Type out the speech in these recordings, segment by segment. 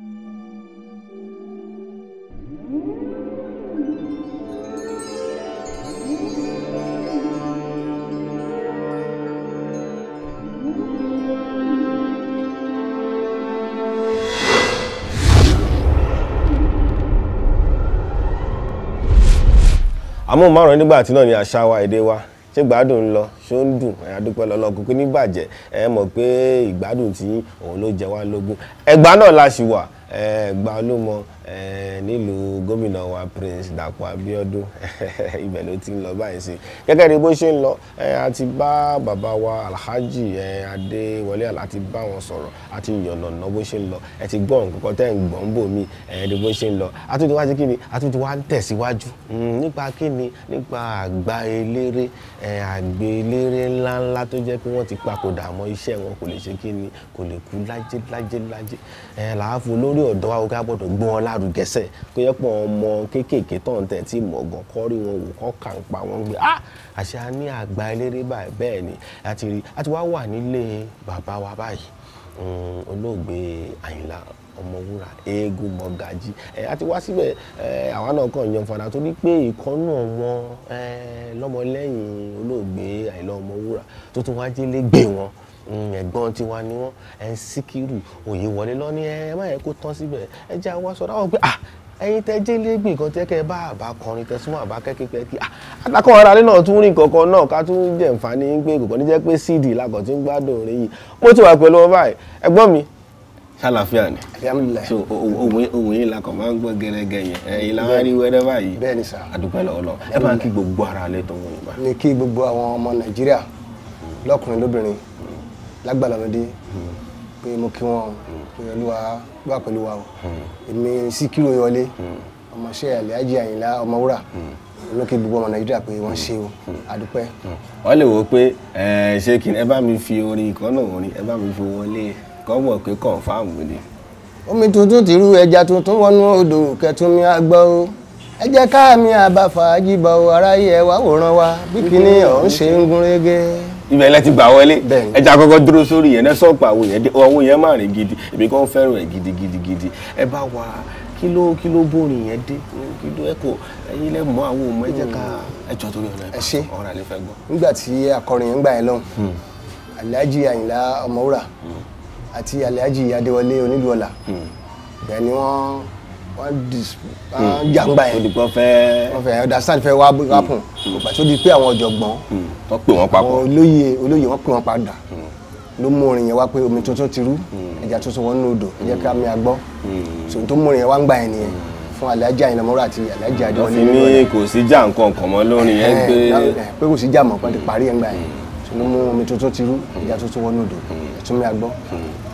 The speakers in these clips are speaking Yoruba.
àmọ́ márùn-ún nígbà tí náà ni àṣà wa èdè wa ṣé gbádùn ń lọ ṣó ń dùn ẹ̀ adúpẹ́ lọ́lọ́gùn pé níbàjẹ́ ẹ mọ̀ pé ìgbádùn tí òun ló jẹ wá lógún ẹ̀gbá náà la ṣì wà ẹ̀gbá olúmọ nílùú gómìnà wa Prince Dàpọ̀ Abíọ́dún ibẹ̀ ló ti ń lọ báyìí sí gẹ́gẹ́ bí bó ṣe ń lọ a ti bá bàbá wa Alhaji Adéwọlé Àlá ti bá wọn sọ̀rọ̀ a ti yànnàná bó ṣe ń lọ ẹ ti gbọ́ nǹkan tẹ́ ń gbọ́n bò mí ẹ̀ẹ́dì bó ṣe ń lọ a tún ti wá sí kí ni a tún ti wá ń tẹ̀síwájú hmm, nípa kí ni nípa àgbà eléré àgbè eléré ńláńlá tó jẹ́ pé wọ́n ti papòdà àmọ́ iṣẹ́ wọn kò lè ṣe kí ni kò lè kú lájé wa ó ká gbọ́dọ̀ lárugẹ sẹ kó yẹ pọ ọmọ kéékèèké tọ̀hún tẹ̀ tí mọ̀ gan kọ́ rí wọn wò kọ́ kà ń pa wọn gbé ah àṣẹ a ní àgbà eléré báyìí bẹ́ẹ̀ ni àti rí a ti wá wà nílé bàbá wa báyìí hmm, olóògbé àyìnlá ọmọwúrà eégún mọ̀gájí ẹ àti wá síbẹ̀ ẹ àwa náà kàn yan fara torí pé ìkọ́nù wọn ẹ lọ́mọlẹ́yìn olóògbé àyìnlá ọmọwúrà tó tún wá lé gbé wọn. Mm, ẹ̀gbọ́n tiwa ni wọ́n ẹ̀ ń síkírù òye wọlé lọ́ní ẹ má yẹ kó tán síbẹ̀ ẹ jẹ́ àwọn aṣọ ráwọ̀ pé à ẹ̀yin tẹ jẹ́ lẹ́gbìn kan tẹ́ kẹ́ bá àbá tẹ súnmọ́ àbá kẹ́kẹ́ pẹ́ kí àtàkọ́ ah, ara rẹ̀ náà tún rìn kankan náà ká tún jẹ́ nfààní pé kò kàn pé cd làkàn tí ń gbádùn rẹ̀ yìí mo ti wà pẹ̀lú ọba ẹ̀ ẹ̀gbọ́n mi ṣàlàfíà ni so òun yìí làkàn máa ń gbọ́ gẹ́gẹ́ yẹn ẹ̀yin làwọn arí wẹ́rẹ́ báyìí bẹ́ẹ̀ni sà àdúpẹ́ lọ́wọ́lọ́ ẹ máa kí gbogbo ara lẹ́ tó wọ́n yìí bá. ní kí gbogbo àwọn ọmọ Nàìjíríà lọ́kùnrin lóbìnrin lágbàlá ọmọdé hmm. pé mo kí wọn hmm. pé olúwa wà pẹ̀lú wa o hmm. èmi síkírò yọlé ọmọọṣẹ́ àlẹ́ájì àyìnlá ọmọwúrà olókè gbogbo ọmọ nàìjíríà pé wọ́n ṣe o àdúpẹ́. wọ́n lè wo pé ṣé kí ẹ bá mi fi orin ìkọ́nà orin ẹ bá mi fi wọlé kọ́mọ̀ pé kọ̀ǹfàmù ni. omi tuntun tìrú ẹja tuntun wọnú odò kẹtùn mi àgbọ̀ o ẹ jẹ́ ká mi àbá fàájì bọ̀ aráyé ẹ wá wòran wa bí kinní ọ̀hún ṣe ń gún régé ibẹ̀ lẹ ti gbà wọlé ẹja kọ́kọ́ dúró sórí yẹn náà sọ̀pọ̀ yẹn ọwọ́ yẹn má rìn gidi èmi kan fẹ́ràn ẹ̀ gidigidigidi ẹ bá wa kí ló kí ló bórin yẹn dé kí ló ẹ kò ẹyin lẹ mọ àwọn ọmọ ẹ jẹ ká ẹ jọ torí ọ̀nà ẹ ṣe ọ̀rọ̀ àlefẹ́ gbọ́. nígbà tí akọrin yẹn gbà yẹn lọ́hùn hmm. alhaji Àyìnlá Ọmọwúrà hmm. àti alhaji Adéwọlé Onílùọlà hmm. bẹ́ẹ̀ ni Hmm. jàǹgbà yẹn. olùkọ́ fẹ́. wọ́n fẹ́ understand fẹ́ wá pọ̀n ìgbà tó di pé àwọn ọ̀jọ̀gbọ́n. tó hmm. pè wọ́n papọ̀. olóyè olóyè wọ́n pè wọ́n padà hmm. ló mú orin yẹn wá pé omi tuntun ti rú ẹja tuntun wọnú odò ẹ jẹ́ ká mi àgbọ́ sòun tó mú orin yẹn wá ń gbà yẹn nìyẹn fún alájà ìnàmọ́ra àti alájà àdéhùn. wọ́n fi ní kò sí jà nǹkan kan mọ́ lórin yẹn eh, pé. Eh, eh, pé kò sí jà mọ́ pàtó parí yẹn gbà yẹn tó ló mú omi tuntun ti rú ẹja tuntun wọnú odò ẹ̀tún mi àgbọ́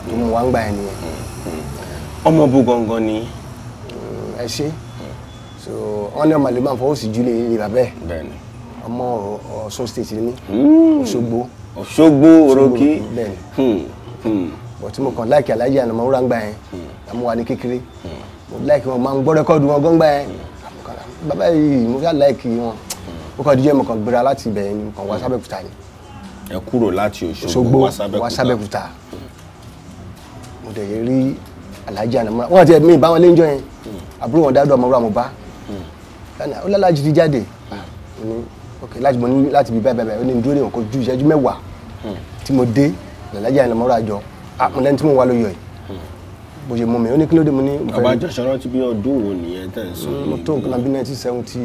tó mú wá ń gbà yẹn nìyẹn. ọmọ bu gangan ni ẹ ṣe so wọn ní ọmọ àlè máa fọwọ́ sí júlẹ̀ ilé bàbá ẹ̀ ọmọ Ọ̀ṣun state ni mí hmm. Òṣogbo Òṣogbo oroki bọ̀ hmm, hmm. tí mo kàn láìkí alájà àná màá rángbà yẹn àmọ́ wà ní kékeré mo láìkí wọn máa ń gbọ́ rẹ́kọ́ọ̀dù wọn gbọ́ngbà yẹn bàbá yìí mo fẹ́ láìkí wọn ó kàn díjẹ́ mo kàn gbéra láti ibẹ̀ yẹn mo kàn wá sábẹ́kúta ni. ẹ kúrò láti Òṣogbo wá sábẹ́kúta mo dẹ̀ yẹ rí alájà náà múra wọn ti mi ìbáwọn lé ń jọ yẹn àbúrò wọn dádùn ọmọ wúrà mo bá hmm. lánàá ó lálàjì ti jáde hmm. ok láti mo ní láti bí bẹ́ẹ̀ bẹ́ẹ̀ ó ní dúró níwọ̀n kó ju ìṣẹ́jú mẹ́wàá hmm. tí mo dé alájà náà múra jọ àmọ́ ah, lẹ́ni tí mo wá ló yọ bó ṣe mú mi ó ní kí ló dé mo ní. àbájọ sọ̀rọ̀ ti bí ọdún wo nìyẹn tẹ̀ ń sọ. mo tó nǹkan bí nineteen seventy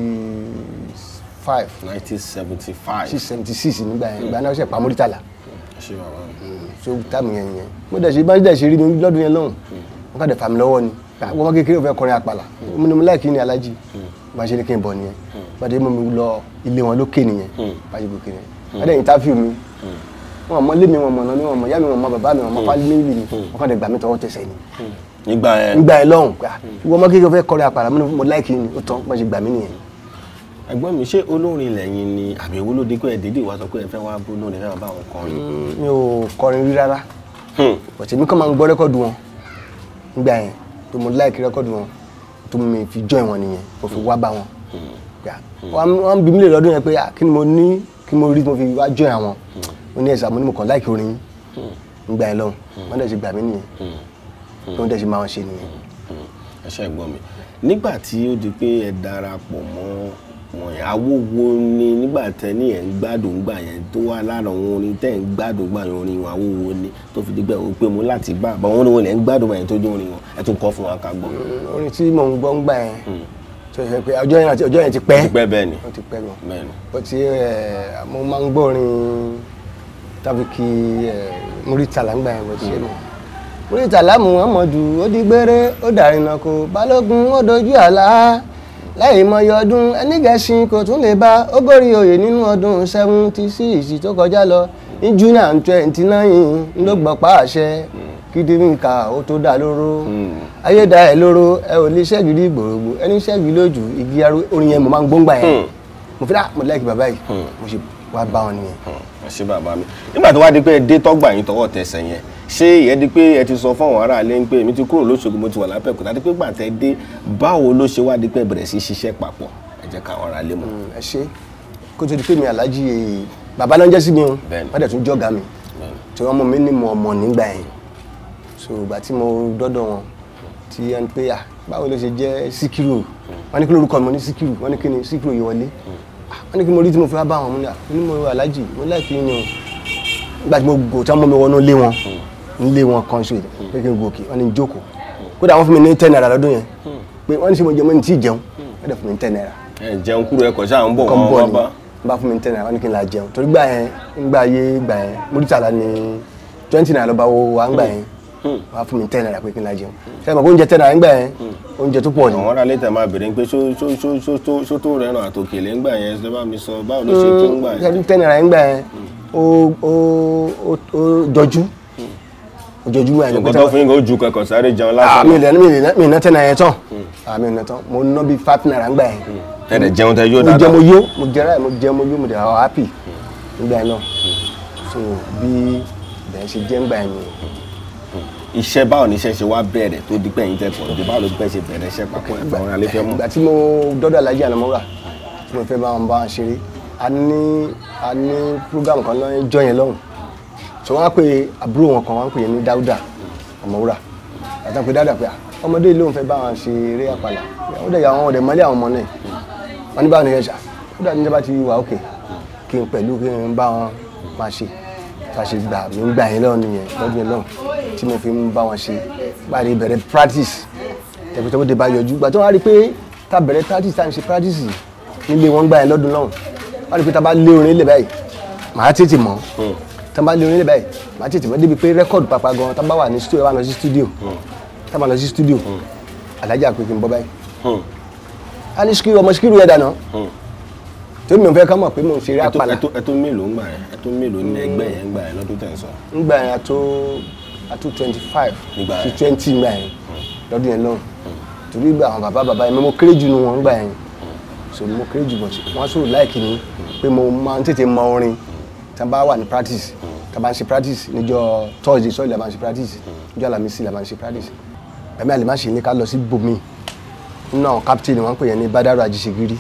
five. nineteen seventy five. six seventy six nígbà yẹn ìgbà náà ó ṣe pamọ́ rítàlá. ṣé bàbá mi. so táàmù yẹn yẹn mo dẹ̀ ṣe bá dẹ̀ ṣe rí mi lọ́dún yẹn lọ́hùn sátàdé fàmì lọ́wọ́ ni hmm. wọ́n má kékeré fẹ́ kọrin àpàlà mo ní mo ni alájì hmm. bá ṣe ní kí n bọ̀ nìyẹn hmm. bàdé mo mi lọ ilé wọn lókè nìyẹn bá ṣe gòkè nìyẹn bàdé ìntàfíù mi wọn mọ lé mi wọn mọ náà mi wọn mọ yá mi wọn mọ bàbá mi wọn mọ fálí mi ni wọn kàn dé gbà mí tọwọ́ tẹsẹ̀ ni. nígbà yẹn nígbà yẹn lọ́hùn ah, wọ́n má kékeré fẹ́ kọrin àpàlà mo láì kí ni ó tán bá ṣe gbà ni àbí ewu ló dínkù ẹ dídì wá sọ pé ẹ fẹ́ wá bó lónìí fẹ́ wá bá wọn kọrin. mi ò kọrin nígbà yẹn tó mo like record wọn tó mi fi join wọn nìyẹn mo fi wá bá wọn wọn bí mi lè lọ́dún yẹn pé ah, kí ni mo ní kí mo rí mo fi wá join àwọn mo ní ẹ̀sà mo ní mo kàn like orin nígbà yẹn lọ́hùn wọ́n dẹ̀ ṣe gbà mí nìyẹn tó ń dẹ̀ ṣe máa wọn ṣe nìyẹn. ẹ ṣe gbọ́ mi nígbà tí ó di pé ẹ darapọ̀ mọ́ àwo wo ni nígbà tẹ́ ní ẹ̀ ń gbádùn gbà yẹn tó wà lára òun orin tẹ́ ń gbádùn gbà yẹn orin àwo wo ni tó fi dígbà wò pé mo láti bá àbá wọn ni wọn lẹ̀ ń gbádùn gbà yẹn tó jẹ́ orin wọn ẹ̀ tún kọ́ fún wa ká gbọ́. Mm, orin tí mò ń gbọ́ ń gbà yẹn hmm. tó yẹ pé ọjọ́ yẹn àti ọjọ́ yẹn ti pẹ́ pẹ́ bẹ́ẹ̀ ni ó ti pẹ́ gan bẹ́ẹ̀ ni ó ti mo máa ń gbọ́ orin tàbí Muritala ń yẹn bó ti ṣe hmm. mọ́ Muritala Muhammadu ó digbére ó dàrínà kó Balógun ó dojú àlá lẹ́yìn mọyọ ọdún ẹnìgẹ̀ẹ́sìn kò tún lè bá ó górí nínú ọdún seventy six tó kọjá lọ ní june and twenty nine ló gbọ́pá àṣẹ kíndìnrínkà ó tó dá lóró hmm. ayé ẹ ò lè igi orin yẹn mo máa ń gbóngbà yẹn hmm. mo fi dá mo bàbá yìí hmm. bàbá mi nígbà tó wá ṣé ìyẹn di pé ẹ ti sọ fún àwọn aráàlú ń pé èmi ti kúrò lóṣogbo mo ti wà lápẹ̀kú láti pé gbàtẹ́ dé báwo ló ṣe wá di pé bẹ̀rẹ̀ sí ṣiṣẹ́ papọ̀ ẹ jẹ́ káwọn aráàlú mọ̀. Mm, ẹ ṣe kó tó di pé mi alájí bàbá náà jẹ́ sí mi o wọ́n dẹ̀ tún jọ́ga mi tí wọ́n mọ̀ mí ní mọ̀ ọmọ nígbà yẹn so ìgbà tí mo dọ́dọ̀ wọn ti ẹni pé à báwo ló ṣe jẹ́ síkírù wọ́n ní kí lórúkọ mi ní síkírù wọ́n ní kí ni síkírù yìí wọlé mm. wọ́n ní kí mo rí tí mo fi wá bá wọn mú ní mo alájì mo láìpẹ́ yín ni o nígbà tí mo gò tí wọ́n mú mi wọnú ilé wọn mm nílé wọn kan ṣe pé gòkè wọn ni jókòó kódà wọn fún mi ní ten naira lọ́dún yẹn pé wọn ní ṣe mo jẹun mo ní tí jẹun wọn dẹ̀ fún mi ní ten naira. ẹ jẹun kúrò ẹ kọ sáà ń bọ̀ wọn wọn bá. bá fún mi ní ten naira wọn ní kí n la jẹun torí gbà yẹn ń gbà yé gbà yẹn múrítàlá ni twenty naira lọ́ba wo wa ń gbà yẹn wàá fún mi ten naira pé kí n la jẹun ṣe mọ̀ kó oúnjẹ ten naira ń gbà yẹn oúnjẹ tó pọ̀ ni. àwọn ará létà máa bèrè pé sótó rẹ̀ ràn àtòkèlè ń gbà yẹn ṣe bá mi sọ báwo ló ṣe tó ń gbà yẹn. Hmm, ten naira ń gbà yẹn ó jọjú ojoojúmọ́ ẹ̀yìn pẹ́tẹ́. ọ̀gọ́tọ̀ fún yín kò ju kẹ̀kọ́ sáré jẹun lásán. Ah, mi ì mi ì nẹ́tẹ̀ náà yẹn tán hmm. ah, mi ì nẹ́tẹ̀ mo ná bíi five naira ń gbà yẹn. Hmm. tẹ̀lé jẹun tẹ yóò dáadáa. mo jẹ mo yó mo jẹ ráì mo jẹ mo yó mo dẹ̀ ọ happy nígbà yẹn náà so bí bẹ́ẹ̀ ṣe jẹ́ ńgbà yẹn hmm. iṣẹ́ báwo ni iṣẹ́ ṣe wá bẹ̀rẹ̀ tó di pẹ́yìn tẹ pọ̀ tó báwo ló bẹ́ẹ̀ ṣe bẹ̀rẹ̀ iṣẹ́ papọ̀ ẹ̀gbà wọn alẹ́ fẹ́ mọ̀. ìgbà tí mo dọ́dọ̀ alájí ànàmọ́ra tí mo fẹ́ bá wọn bá wọn ṣeré a ní a ní program kan náà jọ yẹn lọ́hùn so wọ́n á pe àbúrò wọn kan wọ́n á pè é ní dáúdà ọmọwúrà àtàwọn pé dáúdà ah, pé ọmọdé ilé òun fẹ́ bá wọn ṣe eré àpàlà ó dẹ̀ yà wọn ọ̀dẹ̀ mọ́lé àwọn ọmọ náà wọn ní báwọn ní ẹ̀ṣà ó dà níjọba ti wà òkè kí n pẹ̀lú kí n bá wọn máa ṣe bá ṣe gbà mí ń gbà yín lọ́wọ́ nìyẹn lọ́dún yẹn lọ́wọ́ tí mo fi ń bá wọn ṣe gbàdé bẹ̀rẹ̀ practice tẹ̀kùtẹ̀kù dé bá yọjú gbà tó wá rí pé ta bẹ̀rẹ̀ practice tá à ń ṣe practice nílé wọn gbà yẹn lọ́dún lọ́wọ́ wá rí pé ta bá lé orin lè báyìí màá tètè mọ́ hmm tán bá lé orin níbẹ̀ má tètè mọ́ débi pé rẹ́kọ̀dù pàpà gan tán bá wà ní studio bá lọ sí studio hmm. tán bá lọ sí studio hmm. alájà pé kí n bọ́ báyìí hmm. a ní sikiru ọmọ sikiru yẹn dànù tó mi ò fẹ́ ká mọ̀ pé mo ń ṣeré àpàlà. ẹ tó mélòó ń gbà yẹn ẹ tó mélòó ní ẹgbẹ́ yẹn ń gbà yẹn lọ́dún tẹ̀ ń sọ. ń gbà yẹn àtó àtó twenty five to twenty gbà yẹn lọ́dún yẹn náà torí àwọn bàbá bàbá yẹn mo kéré jù nù wọn gbà mo kéré jù bọ̀ wọ́n sọ láìkì ni mo máa ń tètè tá a bá wà ní practice tá a bá ń ṣe practice níjọ́ thursday sọ́ọ̀lì la máa ń ṣe practice níjọ́ alamisi la máa ń ṣe practice ẹ̀mí àlèmáṣe ní ká lọ sí bomi nínú àwọn captain wọn pè yẹn ní badaru ajisegiri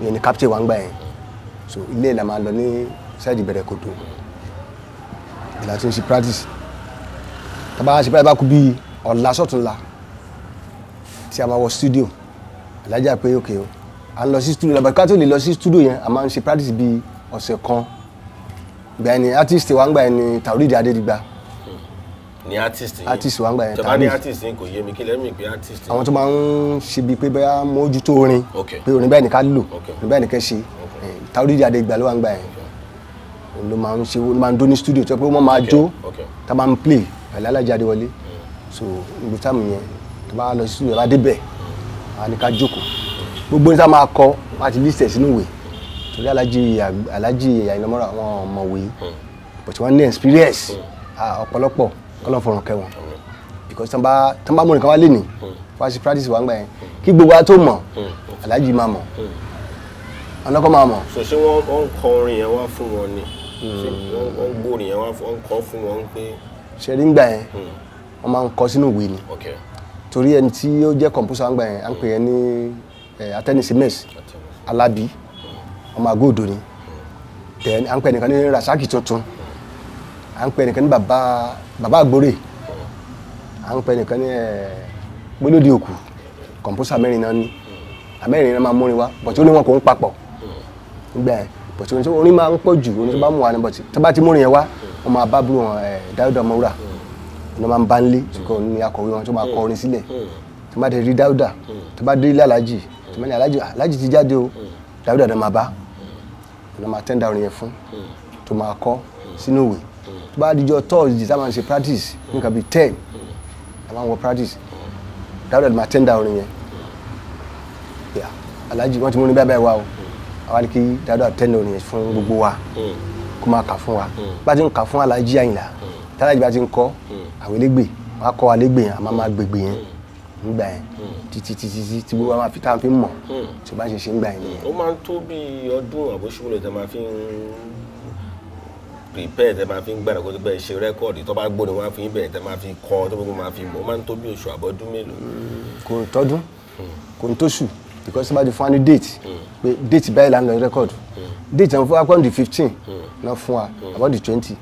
ìyẹn ní captain wọn gbà yẹn so ilé la máa lọ ní side ìbẹ̀rẹ̀ kòtò ìlà tó ń ṣe practice tá a bá ṣe practice bá kú bíi ọ̀la sọ̀túnla tí a máa wọ studio alájà pé òkè o à ń lọ sí studio làbàkátó lè lọ sí studio yẹn a máa ń ṣe practice bíi ọ̀sẹ̀ kan gbà ẹni artist wa ń gbà ẹni Taoridi Adédigba ni artist yìí artist wa ń gbà ẹni Taoridi tọ́ba ní artist yìí kò yé mi kí lẹ́mí pé artist yìí. àwọn tó máa ń ṣe bíi pé bẹ́ẹ̀ mójútó orin pé orin bẹ́ẹ̀ ni ká lò orin bẹ́ẹ̀ ni ká ṣe eh, Taoridi Adédigba ló wà ń gbà yẹn òun ló máa ń ṣe ó máa ń dó ní studio tó yẹ pé wọ́n máa jó tá a máa ń play pẹ̀lú Alhaji Adéwọlé mm. so ìgbé táàmù yẹn tó bá lọ sí studio bá débẹ̀ àá ní ká jókòó gbogbo ní torí alájí alájí Àyìnlá Ọmọ́ra wọn mọ̀wé but wọ́n ní experience hmm. ọ̀pọ̀lọpọ̀ kọ́lọ́n fọ̀rùn kẹwọn hmm. because tán bá tán bá mọ̀ nìkan wá lè ní fásitì practice wà ń gbà yẹn hmm. kí gbogbo wa tó mọ̀ alájí máa mọ̀ ọlọ́kọ́ máa mọ̀. sọ ṣé wọ́n ń kọ orin yẹn wá fún wọn ni wọ́n ń gbórin yẹn wá ń kọ fún wọn pé. ṣe rí ngbà yẹn wọ́n máa ń kọ sínú ìwé ni torí ẹni tí ó jẹ́ composer ngbà yẹn à ń pè yẹn ní eh, atẹnisi mess Alábí ọmọ agóòdò ni then à ń pè nìkan ní rasaki tuntun à ń pè nìkan ní baba baba agbore à ń pè nìkan ní gbólódì eh, òkú kọ̀mpúsà mẹ́rin náà ní amẹ́rin náà máa múrin wá bọ̀tí ó ní wọn kò ń papọ̀ nígbà yẹn bọ̀tí orin tó orin máa ń pọ̀ jù orin tó bá mú wa ní bọ̀tí tó bá ti múrin yẹn wá wọn máa bá bú wọn eh, dáúdà ọmọwúrà wọn máa ń bá ń lé ṣùgbọ́n ní akọ̀wé wọn tó máa kọ orin sílẹ̀ tó bá ti rí dáúdà tó bá dé ilé alájì tó bá ní alájì alájì ti jáde o dábìdà dá máa bá ló máa tẹ́ńdà orin yẹn fún tó máa kọ́ sínú ìwé tó bá dijọ́ tọ́ọ̀sì tá a máa ṣe practice nǹkan bíi ten a máa ń wọ practice dábìdà dá máa tẹ́ńdà orin yẹn alhaji wọn ti mú ní bẹ́ẹ̀ bẹ́ẹ̀ wá o àwa ni kí dáadọ́ àtẹ́nu òní fún gbogbo wa kó máa kà fún wa bá ti ń kà fún alhaji àyìnlá tálájì bá ti ń kọ́ àwélégbè wọn á kọ́ alégbè yẹn àmọ́ máa gbègbè yẹn ńgbà yẹn títí títí títí tí gbogbo àwọn àfitá fi ń mọ̀ hmm. tí o bá ṣe ṣe ńgbà yẹn. ó máa ń tó bí ọdún àbóṣúwòlò tẹ máa fi ń prepare tẹ máa fi ń gbàdàgbọ́ tó bẹ́ẹ̀ ṣe rẹ́kọ̀dì tó bá gbóni wọn fi ń bẹ̀rẹ̀ tẹ máa fi kọ́ tó gbogbo máa fi mọ̀ ó máa ń tó bí oṣù àbọ̀dún mélòó. Hmm, kò tọ́dún hmm. kò ń tóṣù because tí wọ́n bá ti fún wa ní date pé date báyìí là ń lọ rẹ́kọ̀dì date àwọn fún wa pọ́n di fifteen náà fún wa about the twenty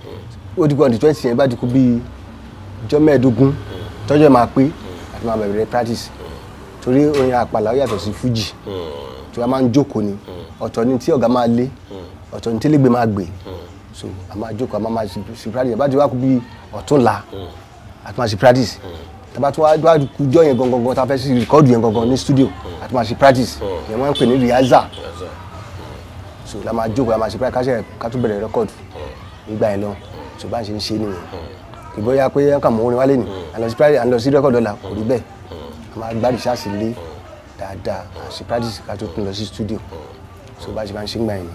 ó di pọ́n di twenty yẹn bá ti kú bíi ọjọ́ mẹ́ẹ̀ẹ́dógún tọ́jọ́ máa pé tó máa bẹ̀rẹ̀ practice torí orin àpàlà ó yàtọ̀ sí fújì hmm. tí a máa ń jókòó ni hmm. ọ̀tọ̀ ni tí ọ̀gá máa lé hmm. ọ̀tọ̀ ni télégbè máa gbè so a máa jókòó a máa máa ṣe practice bá ti wá kú bí ọ̀túnla a ti máa ṣe practice tàbá tó wá kú jọ yẹn gangan gangan tá a fẹ́ sí rìkọ́dù yẹn gangan ní studio a ti máa ṣe practice yẹn wọ́n ń pè ní rehearsal so la máa jókòó la máa ṣe practice ká tún bẹ̀rẹ̀ rẹ́kọ̀dù nígbà yẹn lọ so bá ń ṣe ń ṣe nìyẹn ìbóyá pé ẹ kàn mọ orin wálé ni àlọ hmm. sí practice àlọ sí record ọ̀la kò rí hmm. bẹ́ẹ̀ hmm. a máa gbá research lé dáadáa àṣì practice ká tó tún lọ sí studio so bá ṣe máa ń ṣe ń gbà yẹn.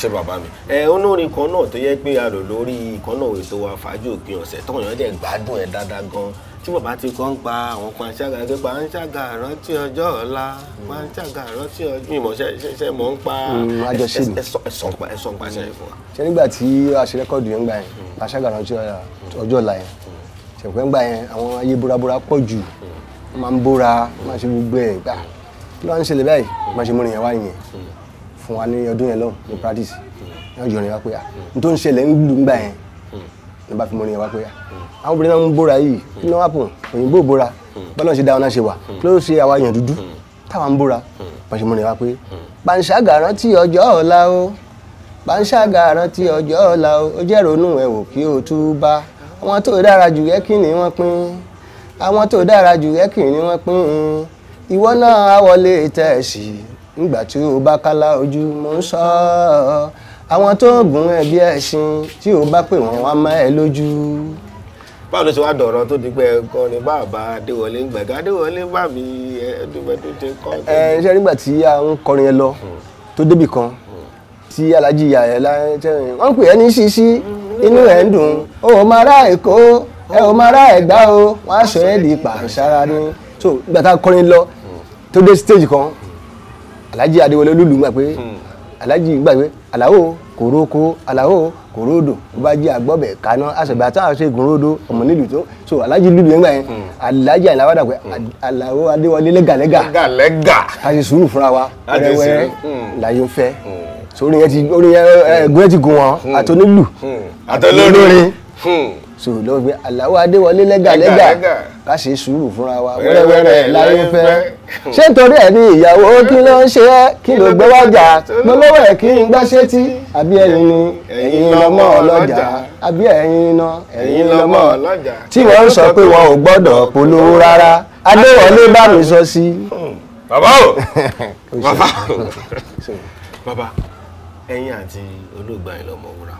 ṣé bàbá mi ẹ olórin kan náà tó yẹ pé a rò lórí kan náà ètò wa fàájì òpin ọ̀sẹ̀ tọ̀yàn dẹ̀ gbádùn ẹ̀ dáadáa gan-an tí bàbá ti kọ́ ń pa àwọn panṣágà pé panṣágà rántí ọjọ́ ọ̀la panṣágà rántí ọjọ́ ìmọ̀ ṣẹṣẹ mọ̀ ń pa mm, ẹ̀sọ̀ pàṣẹ fún wa. ṣé nígbà tí a ṣe rẹ́kọ̀dù yẹn ń gbà yẹn panṣágà rántí ọjọ́ ọ̀la yẹn ṣẹ̀pẹ́ ń gbà yẹn àwọn ayé búrabúra pọ̀ jù máa ń bóra máa ṣe gbogbo ẹ̀ gbà kí ló wá ń ṣẹlẹ̀ báyìí máa ṣe múrin yẹn wá yẹn fún ló bá fi mọ́rin yẹn wá pé ah, àwọn obìnrin náà ń bóra yìí kí ni wọ́n á pọ̀ òyìnbó bóra bọ́lá ṣe dá náà ṣe wà kí ṣe àwa èèyàn dúdú táwọn ń bóra bọ́n ṣe mọ́rin yẹn pé panṣágà rántí ọjọ́ ọ̀la o panṣágà rántí ọjọ́ ọ̀la o ó jẹ́ ronú ẹ̀ wò kí o túbá àwọn tó dára jù yẹ kí ni wọ́n pín àwọn tó dára jù yẹ kí ni wọ́n pín ìwọ náà á wọlé tẹ̀sí nígbà tí o bá kálá ojú mo ń sọ ọ́ àwọn tó ń gùn ẹ bí ẹṣin tí ò bá pè wọ́n wá mọ́ ẹ lójú. báwo ló ṣe wá dọ̀rọ̀ tó di pé ẹ̀kọ́ ni bàbá adéwọlé gbẹ̀gà adéwọlé bá mi ẹ̀ẹ́dúgbẹ́ tó ti kọ́. ẹ nígbà tí a ń kọrin yẹn lọ tó débì kan tí alájí ìyá ẹ láńtẹ́rìn wọ́n pè é ní ṣíṣí inú ẹ̀ ń dùn ó máa rà èkó ẹ ò máa rà ẹ̀gbá o wọ́n á sọ ẹ́ di pàṣára ni so ìgbà tá a kọrin lọ tó dé stage kan alájí adéwọlé lùlù gbà pé hmm aláàjì gbàgbé aláwo kòróko aláwo kòródò ó bá jí àgbọ̀bẹ̀ kaná àṣẹ̀bẹ̀ àtàwọn ṣe gòròdò ọmọ nílùú tó so alaji lùlù yẹn gbà yẹn hmm. aláàjì àyìnlá wàdà pé aláwo adéwọlé lẹ́gàlẹ́gà lẹ́gàlẹ́gà ká ṣe sùúrù fúnra wa wẹ́rẹ́wẹ́rẹ́ hmm. láyé ń fẹ́ hmm. sórí yẹn ti orí yẹn ẹgún yẹn ti gùn wọn àtọ́nílù àtọ́lórin so lọ́wọ́ pé aláwo adéwọlé lẹ́gàlẹ́gà ká ṣe sùúrù fúnra wa wẹ́rẹ́wẹ́rẹ́ láyé fẹ́ ṣé nítorí ẹ̀ ní ìyàwó kí ló ń ṣe ẹ́ kí ló gbé wájà mo lówó ẹ̀ kí n gbá sétí àbí ẹ̀yin ni ẹ̀yin lọ́mọ ọlọ́jà àbí ẹ̀yin iná ẹ̀yin lọ́mọ ọlọ́jà tí wọ́n sọ pé wọn ò gbọ́dọ̀ polówó rárá adéwọlé bá mi sọ sí. bàbá o bàbá o bàbá ẹ̀yin àti olóògbà ìlọmọ wúrà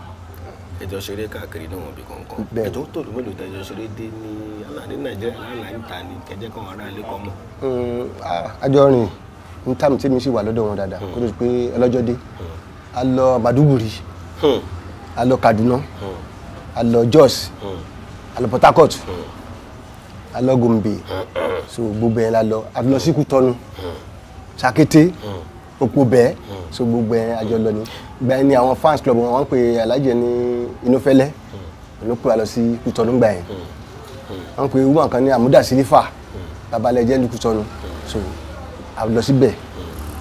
ẹjọ́ ṣeré káàkiri náà wọn bí kankan ẹjọ́ tó ló mélòó tẹjọ́ ṣeré dé ní aláàní nàìjíríà aláàní ta ni kẹjẹ kan ará ilé kan mọ. àjọ rìn ní táàmù tí mi sì wà lọ́dọ̀ wọn dáadáa hmm. kó tó di pé ọlọ́jọ́ dé hmm. a lọ Baduguri hmm. a lọ Kaduna a lọ Jos a lọ Port Harcourt a lọ Gombe so gbogbo yẹn la lọ a lọ sí Kútọ́nù Òpó bẹ́ẹ̀ so gbogbo yẹn a lọ ni gba ẹni àwọn fans club wọn wọ́n pe alhaji ní inúfẹ́lẹ́ ló pè wá lọ sí kutọ́nù gbà yẹn wọ́n pe woman kan ní amuda silifa babalẹjẹ ní kutọ́nù so a lọ síbẹ̀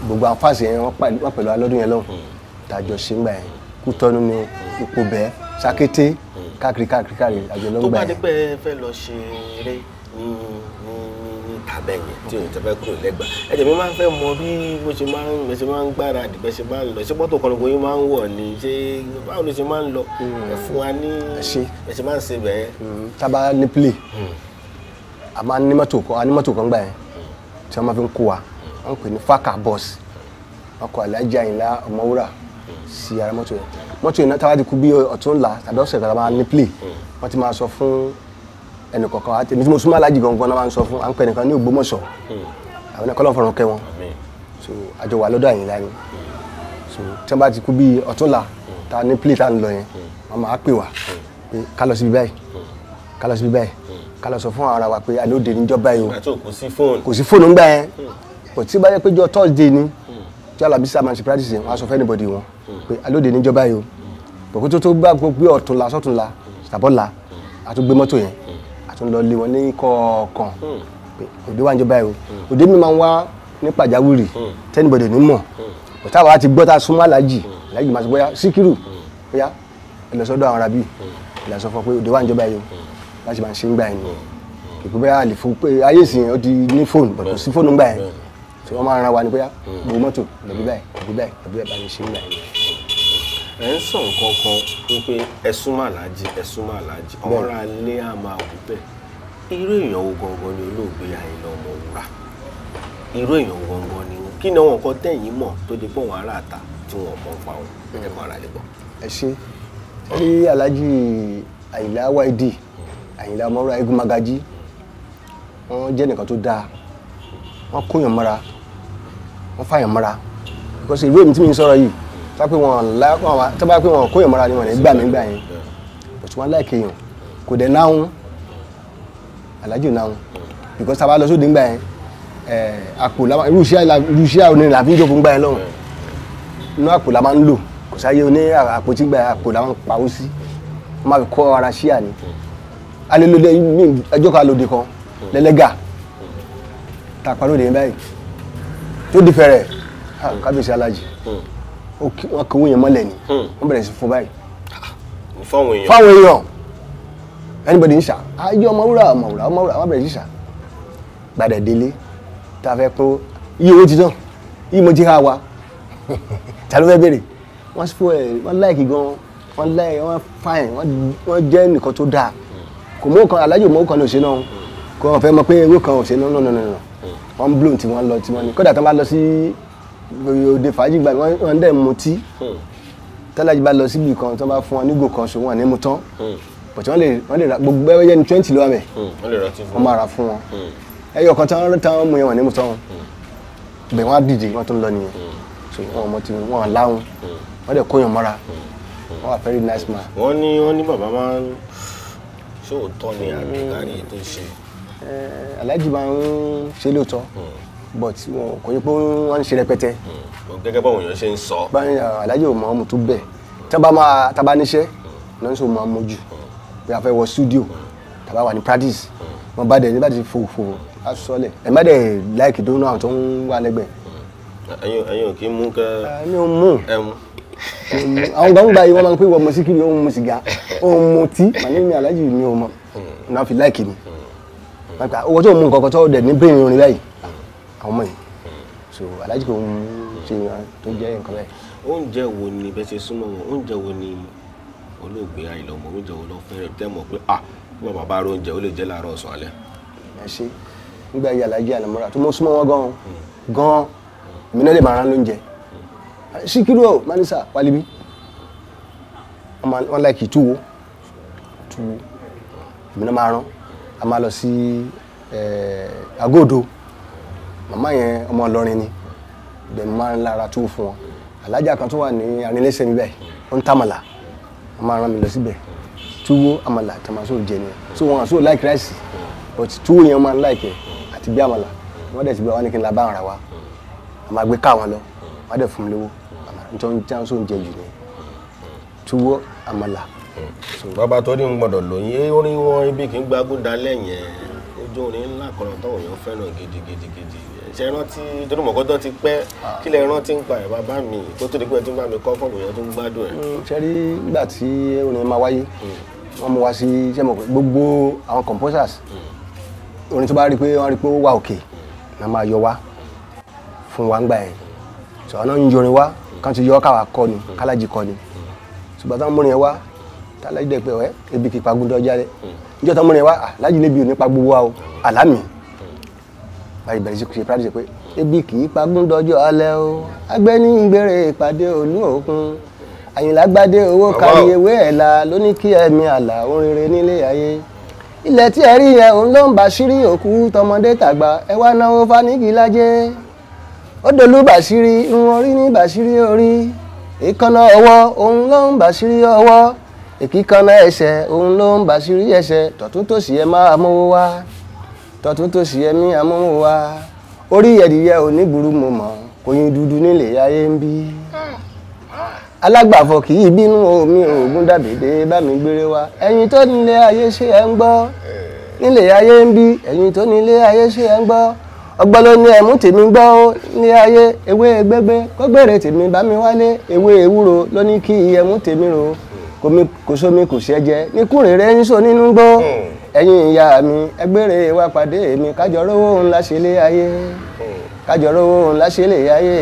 gbogbo àwọn fans yẹn wọ́n pẹ̀lú alọ́dún yẹn lọ́hùn tàjọ ṣe ń gbà yẹn kutọ́nù ni ipò bẹ́ẹ̀ sakété káàkiri káàkiri káàkiri àjọ ló gbà yẹn. tó bá dé pé fẹ́ lọ ṣe eré ní bẹ́yẹn tí òun ti fẹ́ kúrò lẹ́gbà ẹ̀jẹ̀ mi máa ń fẹ́ mọ bí mo ṣe máa ń mo ṣe máa ń gbáradì bẹ́ẹ̀ ṣe máa ń lọ ṣé mọ́tò kọ́nùkọ́ yín máa ń wọ̀ ni ṣé báwo ló ṣe máa ń lọ hmm. ẹ̀ fún wa ní ẹ̀ ṣe máa ń ṣe bẹ́ẹ̀. Hmm. tábà ní play hmm. a máa ní mọ́tò kan a ní mọ́tò kan gbà yẹn tí wọ́n máa fi ń kó wa wọ́n pè ní fáka bus ọkọ̀ Alhaji Àyìnlá Ọmọwúrà sí ara mọ́tò yẹn mọ́tò yẹn ẹnìkọ̀ọ̀kan wa tèmi tí mo súnmọ́ alájì gangan náà máa ń sọ fún à ń pẹ́ nìkan ní Ògbómọ̀ṣọ́ hmm. àwọn ẹ̀kọ́ lọ́n kẹ́ wọn so àjọ wà lọ́dọ̀ àyìnlá ni so tí wọ́n bá ti kú bí ọ̀túnla hmm. ta ní plé tá ń lọ yẹn hmm. wọ́n máa pè wá pé ká lọ síbi báyìí ká lọ síbi báyìí ká lọ sọ fún ara wa pé a òde níjọ́ báyìí o kò sí fóònù ńgbà yẹn kò tí bá yẹ pé jọ Thursday ni tí alábísí àmà ṣe practice yẹn wọ́n á sọ fún anybody wọn pé a tún lọ lé wọn ní kọ̀ọ̀kan hmm. òde wa ń jẹ báyìí o hmm. òde mi máa ń wá ní pàjáwìrì hmm. tẹ́nibọ̀dì ò ní mọ̀ ọ̀tá wa ti gbọ́ ta súnmọ́ alájì alájì máa ti gbọ́ ya síkírù ya ìlọsọ́dọ̀ àwọn arábì ìlọsọ fún pé òde wa ń jẹ báyìí o láti máa ń ṣe ń gbà yẹn kìkú bẹ́ẹ̀ àlè fún pé ayé ìsìn yẹn ó ti ní fóònù bọ̀dọ̀ sí fóònù ń gbà yẹn tí wọ́n máa ń ran wa ní pé ya ah, gbogbo mọ́tò lọ́bí báyìí lọ́bí báyìí lọ́bí báyìí báyìí ṣe ń gbà yẹn ẹ ń sọ nǹkan kan wípé ẹ̀sùn màláàjì ẹ̀sùn màláàjì ọmọra lé a máa wù bẹ́ẹ̀ irú èèyàn wo gangan ni olóògbé Àyìnlá Ọmọwúrà irú èèyàn wo gangan ni wọn kí ni àwọn nǹkan tẹ̀yìn mọ̀ tó di pọ̀ wọn aráàta tí wọn mọ̀ pa wọn ẹ mọ̀ ara lè gbọ́. ẹ ṣe rí aláàjì Àyìnlá wáìdì Àyìnlá Ọmọwúrà eégún magají wọn jẹ́ nìkan tó dáa wọn kóyàn mọ́ra wọn fàyàn mọ́ra because ìwé mi tí mi ń yìí tó bá pé wọn lákàn wa tó bá pé wọn kóyàn mọ́ra ni wọn ní gbà mí gbà yẹn but wọn láì kéèyàn kò dẹ̀ náhùn alájò náhùn because tábà lọ sóde ńgbà yẹn eh, àpò làwọn irú iṣẹ́ òní làbí ìjọba ńgbà yẹn lọ́hùn inú àpò la máa ń lò kò sáyé oní àpótí gbà àpò la máa ń pawó sí wọn máa fi kọ́ ara ṣíà ni alélódé ẹjọ́ kan lòdì kan lẹ́lẹ́gà tàpá lóde yẹn báyìí tó di fẹ̀rẹ̀ ah, kábíyèsí alájì wọn kò wúyẹn mọ́lẹ̀ ni hmm. wọ́n bẹ̀rẹ̀ sí fún báyìí. fáwọn èèyàn fáwọn èèyàn anybody ń ṣá ayé ọmọwúrà ọmọwúrà ọmọwúrà wọn bẹ̀rẹ̀ sí ṣá gbàdà délé tá a fẹ́ pé iye owó ti tán iye mo ti ha wa ta ló fẹ́ béèrè wọ́n fún ẹ wọ́n láìkì gan wọ́n láìkì wọ́n fáìn wọ́n jẹ́ nìkan tó dáa kò mú kan alájò mọ́ kan ní òṣèlú náà kò wọ́n fẹ́ mọ̀ pé ewé kan òṣèlú náà náà náà hmm. wọ́n ń blóun tí wọ́n lọ tí wọ́n ní kódà tó bá lọ sí òde fàájì gbà wọn dẹ̀ mutí hmm. tọ́lájì bá lọ síbi kan tó bá fún wọn nígò kan ṣòwò ní mu tán pọ̀tí hmm. wọ́n lè wọ́n lè ra gbogbo ẹyẹ ní twenty ló wà mẹ́ hmm. wọ́n máa ra fún wọn ẹyọ kan táwọn táwọn mú yẹn wọn ní mu tán bẹ̀ wọ́n á dìde wọ́n tó lọ nìyẹn so wọn mọ ti wọn láwọn wọ́n dẹ̀ kóyàn mọ́ra wọ́n wà very nice man. wọ́n ní wọ́n ní bàbá máa ń ṣòótọ́ ni àbíkárí tó but kò yẹ pé wọ́n ń ṣe rẹpẹtẹ. Hmm. gẹ́gẹ́ báwọn èèyàn ṣe ń sọ. báyìí alájẹ ah, ò máa mú tó bẹ́ẹ̀ tábà máa tábà níṣẹ́ náà ń sọ máa mójú bí a fẹ́ wọ studio hmm. tábà wà ní practice wọn hmm. bá dẹ̀ nígbà tí fò fò á sọlẹ̀ ẹ̀ má dẹ̀ láìkì tó ń náà tó ń wà lẹ́gbẹ̀ẹ́. ẹ̀yin ẹ̀yin ò kí ń mú kẹ. Ah, ẹ̀yin ò mú àwọn gbàngbà yìí wọ́n máa ń pè wọ́n mọ síkiri òun mu sìgá òun mu tí màní mi alájì mi ò mọ̀ náà ni. Ah, owó tó mú nǹkan kan tó dẹ̀ ní bẹ́ẹ̀ ni àwọn ọmọ yìí so alájí kò ń ṣe wọn tó jẹ́ nǹkan bẹ́ẹ̀. oúnjẹ wo ni bẹ́ẹ̀ ṣe súnmọ́ wọn oúnjẹ wo ni olóògbé àìlọ́mọ oúnjẹ wo ló fẹ́ràn tẹ́ mọ̀ pé ah bí bàbá bá rọ oúnjẹ ó lè jẹ́ láàárọ̀ ọ̀sán alẹ́. ẹ ṣe nígbà yìí alájí àlámọ́ra tó mọ súnmọ́ wọn gan hmm. gan èmi náà lè máa rán lóúnjẹ síkírù ọ manisa walibi wọn láìkì túwo túwo èmi náà máa rán a máa lọ sí eh, agódo màmá yẹn ọmọ ọlọrin ni bẹ̀rù máa ń lára tó fún wọn alájà kan tó wà ní arinlẹ́sẹ̀ níbẹ̀ ó ń tàmàlà wọ́n máa rán mi lọ síbẹ̀ túwó àmàlà tàmásó jẹ ni so wọn àti so like rice but túwó yẹn máa ń like àti bí àmàlà wọ́n dẹ̀ ti bẹ̀ wọ́n ní kí n la bá ara wa a máa gbé ká wọn lọ wọ́n dẹ̀ fún mi lówó nítorí jáǹsó ń jẹ jù ni túwó àmàlà bàbá tó ní ń gbọ́dọ̀ lóyún orin wọn ibi kì í gbágúdá lẹ́yìn ẹ̀ ojú orin ńlá kan táwọn èèyàn fẹ́ràn gidigidigidi ṣe rántí torí mọ̀gọ́dọ́ ti pẹ́ ah. kí lẹ rántí ń pa ẹ̀ bàbá mi kó tó di pé tó bá mi kọ́ fún òyìn tó ń gbádùn ẹ̀. Mm, ṣe nígbà tí orin máa wáyé mm. wọ́n mú wa sí iṣẹ́ pé gbogbo àwọn composers mm. orin tó bá rí pé wọ́n rí pé ó wà òkè ni wọ́n máa yọ wá fún wa ńgbà yẹn sọ̀rọ̀ náà ń yorin wá kán ti yọ káwa kọ́ ni kálájì kọ́ ni ṣùgbọ́n táwọn múrin yẹn wá kálájì dẹ̀ pé ẹ̀ ebi kìí pagundọ́ jáde níjọ́ táwọn múrin yẹn wá alájì ah, níbi bàrìbàrì sí kùsì prádìsì pé ebi kì í pagún dọjọ́ alẹ́ o agbẹ́ni ń gbére ìpàdé òlú òkun àyìnlágbádé owó kárí ewé ẹ̀la ló ní kí ẹ̀mí àlà orin rere nílé ayé ilẹ̀ tí ẹ rí yẹn òun ló ń bá sírí òkú tọmọdé tàgbà ẹ wá náwó fanigi lájẹ́ ó dolú bàṣírí irun orí ní bàṣírí orí èékánná ọwọ́ òun ló ń bàṣírí ọwọ́ èkíkanná ẹsẹ̀ òun ló ń bàṣírí ẹsẹ̀ tọ̀tún tòsì ẹ máa mówó wá. tọ̀tún tó sì yẹmí amóhùn wa orí ẹ̀dìyẹ onígbùrú mo mọ̀ oyin dúdú nílé ayé ń bí. alágbàfọ̀ kì í bínú omi òògùn dàbèdè bá mi gbére wa ẹ̀yin tó nílé ayé ṣe ẹ ń gbọ́ nílé ayé ń bí ẹ̀yin tó nílé ayé ṣe ẹ ń gbọ́ ọgbọ́n ló ní ẹ̀mú tèmi gbọ́ ó ní ayé ewé gbẹ́gbẹ́ gbẹ́gbẹ́rẹ́ tèmi bá mi wálé ewé ewúro ló ní kí ẹ̀mú tèmi rò kò sómi kò ṣẹ́jẹ ní kúrèrè ń sọ nínú gbọ́. ẹ̀yin ìyá mi ẹgbẹ́rẹ́ wa pàdé mi kájọ rówó ńlá ṣe lé ayé kájọ rówó ńlá ṣe lé ayé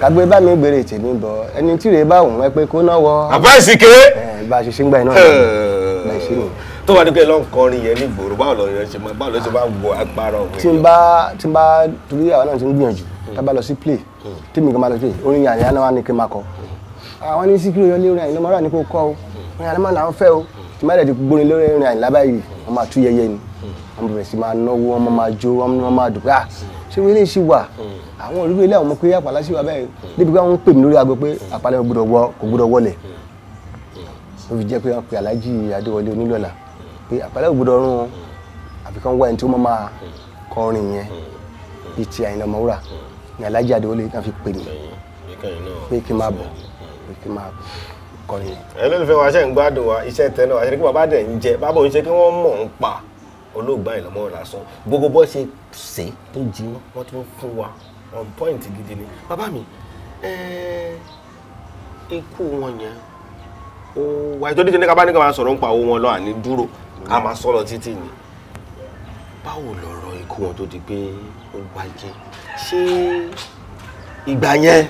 kagbe bá mi gbèrè tèmi bọ ẹni tí rèé bá òun ẹ pé kó náà wọ. àbá ìsìnké. bá a ṣe ṣe ń gbà iná rẹ tó bá dúpẹ́ lọ́n kọrin yẹn ní ìgboro báwo lọ yẹn ṣe máa báwo lọ ṣe máa wọ agbára ọ̀hún. tí n bá tí n bá torí àwọn náà ti ń gbìyànjú tá a bá lọ sí play tí mi máa lọ play orin yàrá náà wà ní kí n máa kọ. àwọn ní síkírò yọlé orin àyìnlọ́mọ́ra ní kó kọ́ o orin àyìnlọ́mọ́ làwọn fẹ́ o tí má dẹ̀ ti gbóni lórí ìrìn àyìnlá báyìí wọ́n máa tú yẹyẹ ni wọ́n bẹ̀rẹ̀ sí máa náwó wọ́n máa jó wọ́n máa dùn pé ah ṣé wílé ṣì wà àwọn olùgbé ilé àwọn ọmọ pé àpàlà ṣì wà bẹ́ẹ̀ débi pé àwọn ń pè mí lórí aago pé àpàlà kò gbọ́dọ̀ wọlé ó fi jẹ́ pé wọ́n pe aláàjì adéwọlé onílọ́la pé àpàlà kò gbọ́dọ̀ rún wọn àfikún wá ẹni tí wọ́n máa kọrin yẹn bíi ti àyìnlá ọmọwúrà ní aláàjì adéwọlé náà fi pè mí pé kí n máa bọ̀ pé kí n máa bọ̀ akọrin yẹn. ẹ ló ń fẹ́ ṣe ń gbádùn wa iṣẹ́ tẹ́lẹ̀ wá ṣe kí bàbá dẹ̀ ń jẹ bàbá òun ṣe kí wọ́n mọ̀ ń pa olóògbà ìlọ́mọ lásán gbogbo bó ṣe ṣe tó jí wọn wọ́n tún fún wa on point gidi ni bàbá mi ikú wọn yẹn ó wá ìtọ́jú ní kábàáníkà máa sọ̀rọ̀ ń pa owó wọn lọ àní dúró a máa sọ̀rọ̀ títì ni báwo lọ̀rọ̀ ikú wọn tó di pé ó wáyé ṣé ìgbà yẹn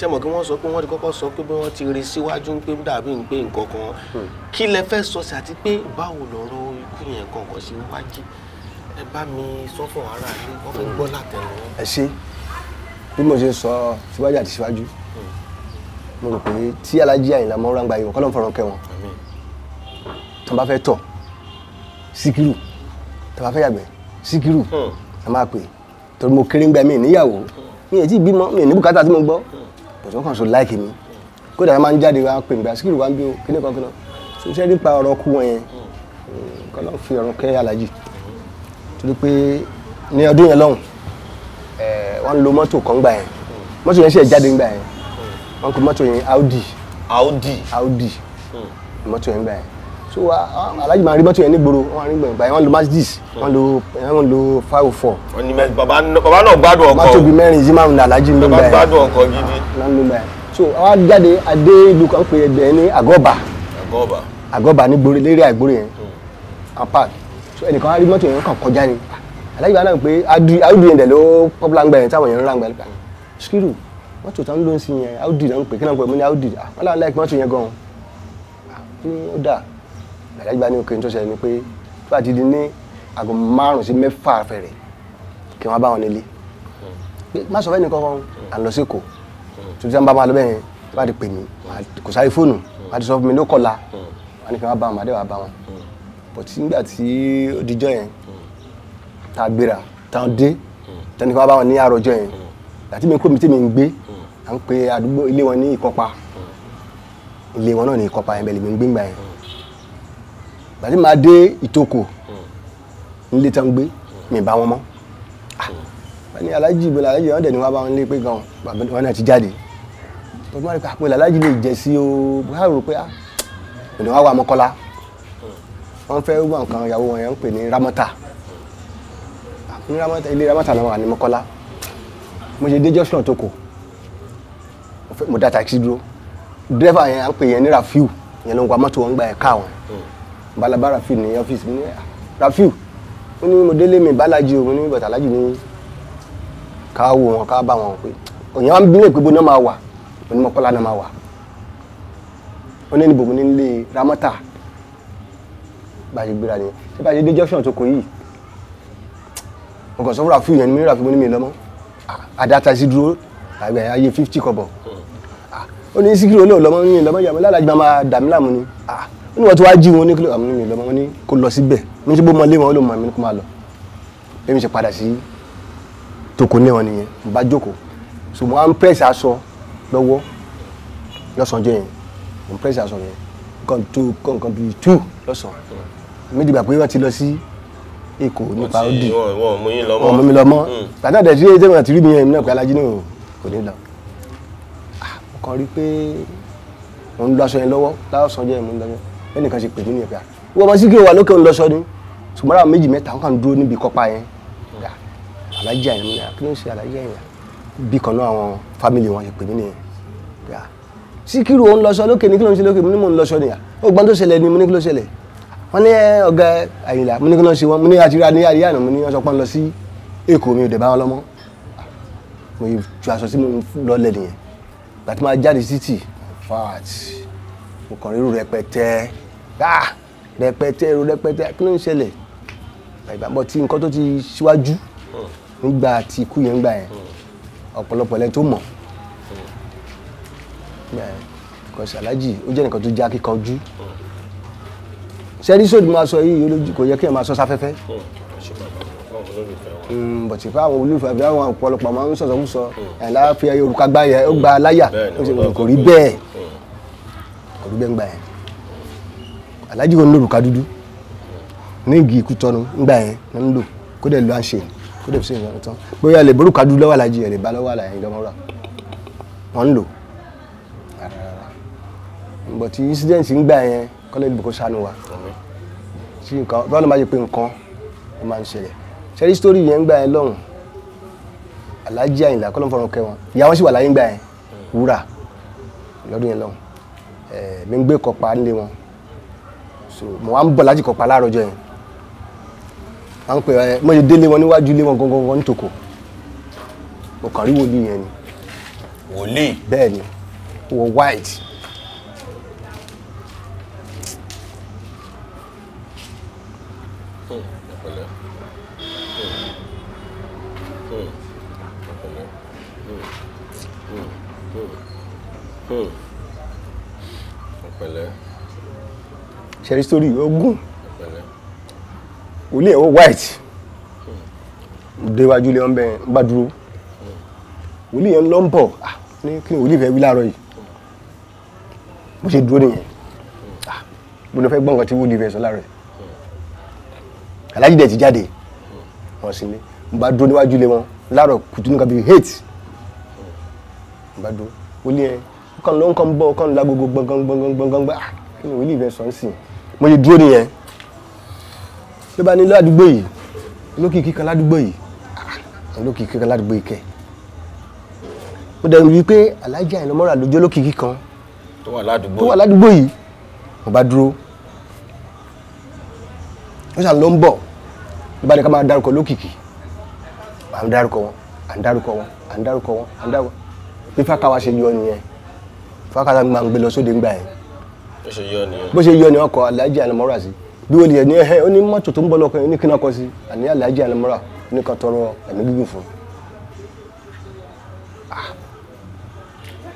ṣé mọ̀ kí wọ́n sọ pé wọ́n ti kọ́kọ́ sọ pé bí wọ́n ti rí síwájú pé dàbí pé nǹkan kan hmm. kí lẹ fẹ́ sọ sí àti pé báwo lọ̀rọ̀ ikú yẹn kankan ṣe wájú ẹ bá mi sọ fún ara mi wọ́n fẹ́ hmm. gbọ́ látẹnu. ẹ ṣe bí mo ṣe sọ síwájú àti síwájú hmm. mo rò pé tí alájí àyìnlá mọ́ ráńgbà yìí kọ́ ló ń fọ̀rọ̀ kẹwọn tó bá fẹ́ tọ̀ síkírù tó bá fẹ́ yàgbẹ́ síkírù a máa pè torí mo kéré ń gbẹ mí níyàwó mi ò tí ì bímọ mi ò ní bùkátà tí mo gbọ́ ọ̀sán kan so láìkì mi kódà máa ń jáde wá pè mí bá síkìrì wá ń bí o kíní kan kíná so iṣẹ́ nípa ọ̀rọ̀ kú wọn yẹn hmm, kọ́ ló fi ọ̀rọ̀ kẹ́ alájì torí pé ní ọdún yẹn lọ́hùn eh, wọ́n lo mọ́tò kan gbà yẹn mọ́tò yẹn ṣe jáde gbà yẹn wọ́n kó mọ́tò yẹn Audi Audi Audi hmm. mọ́tò yẹn gbà yẹn so alhaji máa rí mọ́tò yẹn nígboro wọ́n rí gbọ̀ngàn báyìí wọ́n lo mazidis wọ́n lo wọ́n lo five oh four. ọ̀nì bàbá náà gbádùn ọkọ̀ mọ́tò bíi mẹ́rin zimá ń lo alhaji ló ń bá yẹn bàbá gbádùn ọkọ̀ gidi. so àwa jáde adé ìlú kan pé ẹgbẹ́ ní àgọ́bà àgọ́bà àgọ́bà nígboro lérí àgboro yẹn hmm. and park so ẹnìkan á rí mọ́tò yẹn kàn kọjá ni alhaji bá náà pé audi yẹn dẹ̀ ló popular gbà yẹn táwọn yẹn ń rà gbà yẹn skiru mọ́tò tán ló ń sin yẹn audi náà ń pè kí náà ń pè mí ní audi ah wọ́n láwọn láì pé mọ́tò yẹn gan-an ah, alájí bá ní òkè tó ṣẹlẹ̀ ni pé tó bá ti di ní aago márùn sí mẹ́fà fẹ̀rẹ̀ kí wọ́n bá wọn nílé má sọ fẹ́ni kankan à ń lọ sí èkó tó ti bá máa lọ bẹ́yẹn tó bá ti pè mí kò sáré fóònù wọ́n ti sọ fún mi ló kọ́la wọ́n ní kí wọ́n bá wọn màdé wàá bá wọn bọ̀ nígbà tí ó dijọ́ yẹn tá a gbéra tá a dé tẹ́ni kí wọ́n bá wọn ní àròjọ yẹn àti mi kó mi tí mi ń gbé à ń pe àdúgbò ilé wọn ní ìkọ́pa ilé wọn náà ní ìkọ́pa yẹn bẹ́ẹ̀ lè mi ń gbé ńgbà yẹn gbàdí máa dé ìtòkò hmm. nílé tán gbé mi bá wọn mọ́ ah, hmm. wọ́n ní alájì ìbọn alájì wọ́n dẹ̀ ní wọ́n bá wọn lé pé gan wọn náà ti jáde wọ́n máa rí pé àpò ah, alájì lè jẹ́ sí o buhari rò pé ah ìdùnnú wa wà mọ́kọ́lá hmm. wọ́n fẹ́ wọ́n kan ìyàwó wọn yẹn ń pè ní ramọ́tà ah, ní ramọ́tà ilé ramọ́tà náà wà ní mọ́kọ́lá mo ṣe dé jọ́sùn tó kò mo dá taxi dúró dírẹ́fà yẹn à ń pè yẹn ní rafiu yẹn ló ń gba mọ́tò wọn gba ẹ̀ka wọn balaba rafiu ní ọ́fíìsì mi ní ah, rafiu ó ní mo délé mi balaji o mo ní bàtà alájì ní ká wo wọn ká bá wọn pé òyìn wọn bí mi pé bóná máa wà onímọ̀kọ́lá náà máa wà ó ní níbo mo ní nílé ramọ́tà bá a ṣe gbéra nìyẹn ṣé bá a ṣe dé junction tó kọ yìí mo kàn fún rafiu yẹn mo ní rafiu mo ní mi lọ́mọ́ àdáta ah, sí dúró àgbẹ̀ ayé fifty kọ̀bọ̀ ah, ó ní síkírò olóòlọ́mọ́ ní ìlọ́mọ́ ìyàmọ́ lálàjì máa dàmí láàmú ni ní wọ́n ti wá jí wọn ní kílò àmúlò mi lọ́mọ wọn ní kó lọ síbẹ̀ ní ṣe bó mọ lé wọn ló mọ mi kó máa lọ bí mi ṣe padà sí tòkó ní wọn nìyẹn mo bá jókòó so mo á ń pẹ́ẹ́sì aṣọ lọ́wọ́ lọ́sàn-án jẹ́ yẹn mo ń pẹ́ẹ́sì aṣọ yẹn kan tó kan kan bíi two lọ́sàn-án méjì gbà pé wọ́n ti lọ sí Èkó nípa ó wọ́n mú mi lọ mọ́ tàtà hmm. dẹ̀ sí ẹ̀jẹ̀ mi àti rí mi yẹn ah, mo ń lọ aṣọ yẹn lọ́wọ́ láwọ̀sán jẹ́ mo ń ẹnìkan ṣe pè mí ní ẹ̀ka wọ́n ọmọ síkè wà lókè ńlọsọ ni ṣùgbọ́n àwọn méjì mẹ́ta wọn kàn dúró níbi kọ́pa yẹn alájí àyàn mi kí ló ń ṣe alájí àyàn bí kan náà àwọn fámìlì wọn ṣe pè mí nìyẹn síkírù òun lọ sọ lókè ní kí ló ń ṣe lókè mo ní mò ń lọ nìyà ó gbọ́n tó ṣẹlẹ̀ ni mo ní kí ló ṣẹlẹ̀ wọ́n ní ọ̀gá àyìnlá mo ní kí ló ń ṣe wọ́n mo ní àti rí adé àríyá àná mo ní wọ́n sọ pé ń lọ sí èkó mi ò dẹ̀ bá wọn lọ́mọ́ mo ju aṣọ sí mi lọ́lẹ̀ nìyẹn gbàtí máa jáde sí tì mo kàn rírú rẹpẹtẹ ah rẹpẹtẹ èrò rẹpẹtẹ kí ló ń ṣẹlẹ̀ ìgbàgbọ́ tí nǹkan tó ti ṣíwájú nígbà tí ikú yẹn gbà yẹn ọ̀pọ̀lọpọ̀ lẹ́yìn tó mọ̀ kò ṣàlájì ó jẹ́ nǹkan tó já kíkanjú sẹ́rí sóòdù máa sọ yìí olójú kò yẹ kí ẹ máa sọ sáfẹ́fẹ́ hmm, bọ̀tí fún àwọn olùfẹ́ àbí àwọn ọ̀pọ̀lọpọ̀ máa ń sọ̀sọ̀ fún sọ ẹ̀ láàfin ẹ̀yọ̀ olùkagbá yẹn ó gba aláyà ó sì kò rí bẹ́ẹ̀ kò rí bẹ́ẹ̀ ń gbà yẹn aláàjì kan ń lo òrùka dúdú ní igi ikú tọ́nu ń gbà yẹn ló ń lò kó dẹ̀ lo àṣẹ kó dẹ̀ fi ṣe ìrànlọ́ tán bóyá lè borúka dúdú lọ́wọ́ aláàjì ẹ̀ lè bá lọ́wọ́ aláàjì ìjọba rà wọ́n ń lò ǹbọ̀ tí incident ń gbà yẹn kọ́lé ìbùkún ṣàánú wa tí nǹkan báwo ló máa ṣe pé nǹkan ló máa ń ṣẹlẹ̀ ṣẹ́rí sítórí yẹn ń gbà yẹn lọ́hùn aláàjì àyìnlá kọ́lọ́ fọ́run kẹwọn ìyá wọn sì wà láyé ń gbà yẹn hmm. wúrà lọ́dún yẹn lọ́hùn Eh, mi ń gbé kọpa nílé wọn so mo wá ń bọ̀ láti kọpa láàárọ̀ yẹn à pè ẹ mo lè délé wọn níwájú ilé wọn gangan nítòkò mo kàn rí wòlíì yẹn ni. wòlíì. bẹ́ẹ̀ ni wọ white ṣẹ̀rí sórí ogún olè ó white déwájú lé ọ̀nbẹ bá dúró wòlíì yẹn ló ń bọ̀ ah, ní kí ni wòlíì fẹ́ wí láàárọ̀ yìí bó ṣe dúró nìyẹn ah, mo ní fẹ́ gbọ́ nǹkan tí wòlíì fẹ́ sọ láàárọ̀ yìí alájí dẹ̀ ti jáde wọ́n sì ní mo bá dúró níwájú lé wọn láàárọ̀ kùtù nǹkan bíi eight mo bá dúró wòlíì yẹn kàn ló ń kàn ń bọ̀ la gbogbo gbọ̀ngbọ̀ngbọ̀ngbọ̀ngbọ̀ngbọ̀ ah, kí ni wòlíì fẹ́ sọ ń sìn mo yẹ dúró nìyẹn ló bá ní ládùúgbò yìí olókìkí kan ládùúgbò yìí ah, olókìkí kan ládùúgbò yìí kẹ mo dẹ̀ rí i pé alájà Àyìnlá Ọmọ́wúrà lójú olókìkí kan tó wà ládùúgbò yìí mo bá dúró ó ṣàn ló ń bọ̀ ló bá ní ká máa dárúkọ olókìkí à ń dárúkọ wọn à ń dárúkọ wọn à ń dárúkọ wọn à ń dárúkọ bí fákàwá ṣe yọ nìyẹn fákàwá máa lọ sóde ńgbà yẹn bó ṣe yọ ni ọkọ̀ aláàjì ànàmọ́ra sí bí ó lè ní ẹ̀hẹ́ ó ní mọ́tò tó ń bọ́ lọ́kọ̀ ní kíná kọ sí àní aláàjì ànàmọ́ra ní kan tọrọ ẹ̀mí gígùn fún ah.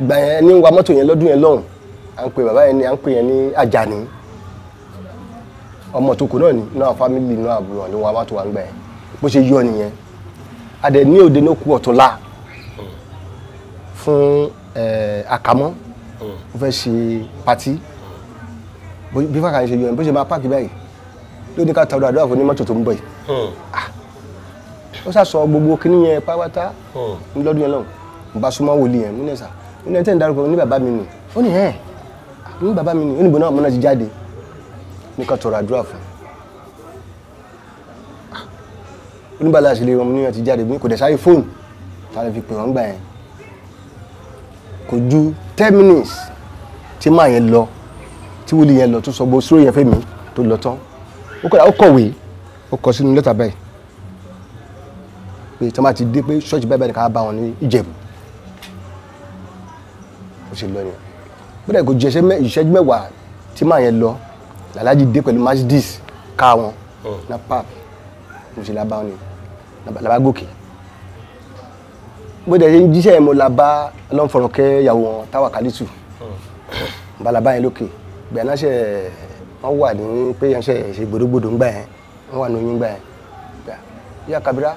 gbà yẹn ní wa mọ́tò yẹn lọ́dún yẹn lọ́hùn à ń pè bàbá yẹn ni à ń pè yẹn ní Àjàní ọmọ tó kù náà ni náà fámìlì náà àbúrò ni wọn wá tó wà ń gbà yẹn bó ṣe yọ nìyẹn adẹ ní òde ní òkú ọ̀túnla hmm. fún eh, àkàmọ́ hmm. ó fẹ́ ṣe patí bí fàkà ń ṣe yọ ẹ bó ṣe máa páàkì báyìí lóde ká tàwọn àdúrà fún ní mọ́tò tó ń bọ̀ yìí hmm. ó sàsọ gbogbo kíní yẹn pátá hmm. lọ́dún yẹn náà n bá súnmọ́ wòlíì yẹn nínú ẹ̀sà nínú ẹ̀tẹ́ ìdárúkọ ní bàbá mi nì ó ní ẹ̀ ní bàbá mi nì ó ní ìbò náà ọmọ náà ti jáde ní ká tọrọ àdúrà fún oníbàlá àṣìlẹ̀ ọmọ náà ti jáde ní kò dẹ̀ sáré fóònù tààrà fi pè wọ́n gbà yẹn kò ju ten minutes tí máa yẹn lọ tí wòlíì yẹn lọ tó sọ gbogbo sóró yẹn fẹ́mi tó lọ tán ó kọ́ ó kọ̀wé ó kọ sínú lẹ́tà báyìí pé tí wọ́n bá ti dé pé ṣọ́ọ̀ṣì báyìí báyìí ká bá wọn ní Ìjẹ̀bú ó ṣe lọ yẹn bóyá kò jẹ ìṣẹ́jú mẹ́wàá tí màá yẹn lọ làlájì dé pẹ̀lú Mercedes ká wọn oh. na pap mo ṣe lábá wọn ni làbá gòkè bó dẹ̀ jíṣẹ́ yẹn mo làbá ọlọ́nfọ̀rọ̀kẹ́ yàwó wọn táwa kálítù oh. balaba yẹn lókè. Okay gbẹ̀náṣẹ́ wọ́n wà ní pé yẹnṣẹ́ ṣe gbòdógbòdó ń gbà yẹn wọ́n wà ní oyún gbà yẹn gbà yíyá kabira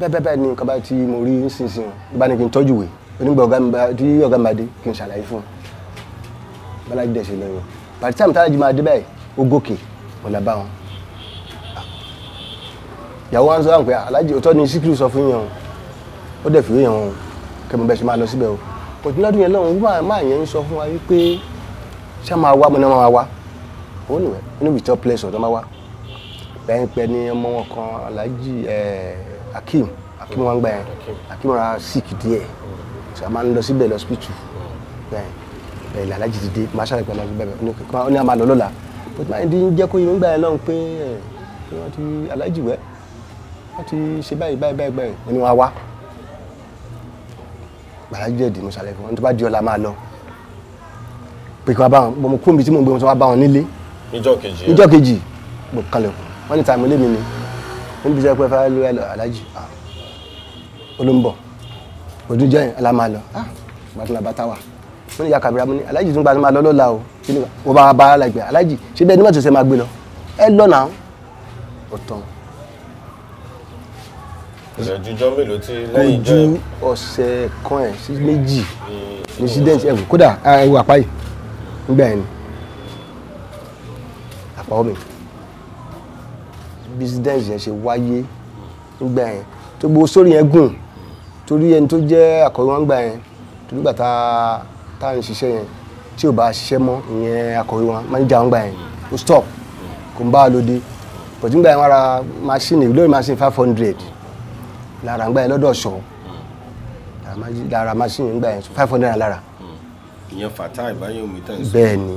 bẹ́ẹ̀ ni nǹkan bá ti mo rí nísinsìnyí bá ní kí n tọ́jú wèé onígbà ọ̀gá mi bá tí ọ̀gá mi bá dé kí n ṣàlàyé fún un bálájú dẹ̀ ṣe lọ́yọ̀ pàtí táàmù táàjì máa dé báyìí ó gòkè ọ̀là bá wọn. ìyàwó wa ń sọ pé aláàjì òótọ́ ni síkírù sọ fún yẹn o ó dẹ̀ fìwé yẹn o kẹ́mi bẹ́ẹ̀ ṣe máa lọ síbẹ̀ o kò lọ́dún yẹn lọ́hùn máa yẹn ń sọ fún wa wípé ṣé máa wá mo náà máa wá òun nìyẹn inú bìtọ́ pleasure tó máa wá pẹ́ńpẹ́ ni ọmọ wọn kan alhaji eh, akeem akeem wọn gbà yẹn ra sick díẹ̀ ṣe a máa ń lọ síbẹ̀ lọ sípìtù bẹ́ẹ̀ bẹ́ẹ̀ alhaji ti dé máa ṣàlẹ̀ pẹ̀lú ọdún bẹ́ẹ̀ bẹ́ẹ̀ ní a máa lọ lọ́la bó ti máa ń dín jẹ́ kó yín gbà yẹn lọ́hùn pé eh, wọ́n ti alhaji wẹ́ wọ́n ti ṣe báyìí báyìí báyìí báyìí wọ́n ni wọ́n á wá gbàlájú ẹ̀dì mo ṣàlẹ̀ fún wọn tó bá di ọ̀la máa lọ pé kí wọ́n bá wọn bọ̀ mo kúrò níbi tí mo gbé wọn tí wọ́n bá wọn nílé. níjọ́ kejì níjọ́ kejì mo kalẹ̀kùn wọ́n ní tààmù lémi ni wọ́n bí sẹ́pẹ́ fẹ́ lórí ẹ̀lọ́ alájì olóńbọ̀ ah, òdújọ́ yẹn alámàlọ́ ah, gbàtúnlá bá táwà wọ́n ní yakabira mo ní alájì tún gbàtúnlá lọ lọ́la o kí ni wọ́n bá bá alágbè alájì ṣé bẹ́ẹ̀ ni wọ́n ti sẹ́ máa gbé lọ ẹ lọ́nà ọ̀tàn ìjọ mélòó tí lẹ́yìn jẹ́ ojú ọ̀sẹ̀ kan ẹ̀ sí méjì incident ẹ̀wù kódà ẹ̀wù àpáyé nígbà yẹn àpáwọ́ mi bísíǹdẹ̀sì yẹn ṣe wáyé nígbà yẹn tó gbogbo sórí yẹn gùn torí ẹni tó jẹ́ akọ̀wé wọn gbà yẹn torí gbà tá tá ń ṣiṣẹ́ yẹn tí ò bá ṣiṣẹ́ mọ́ ìyẹn akọ̀wé wọn máníjà wọn gbà yẹn ó stop kò ń bá a lóde pọ̀jù nígbà yẹn wọ́n ra machine lórí machine five hundred lára ń gbà yẹn lọ́dọ̀ ṣọ́ lára machine ń gbà yẹn five hundred lára ìyẹn Fatai Bayomi tẹ̀ ń sọ. bẹ́ẹ̀ ni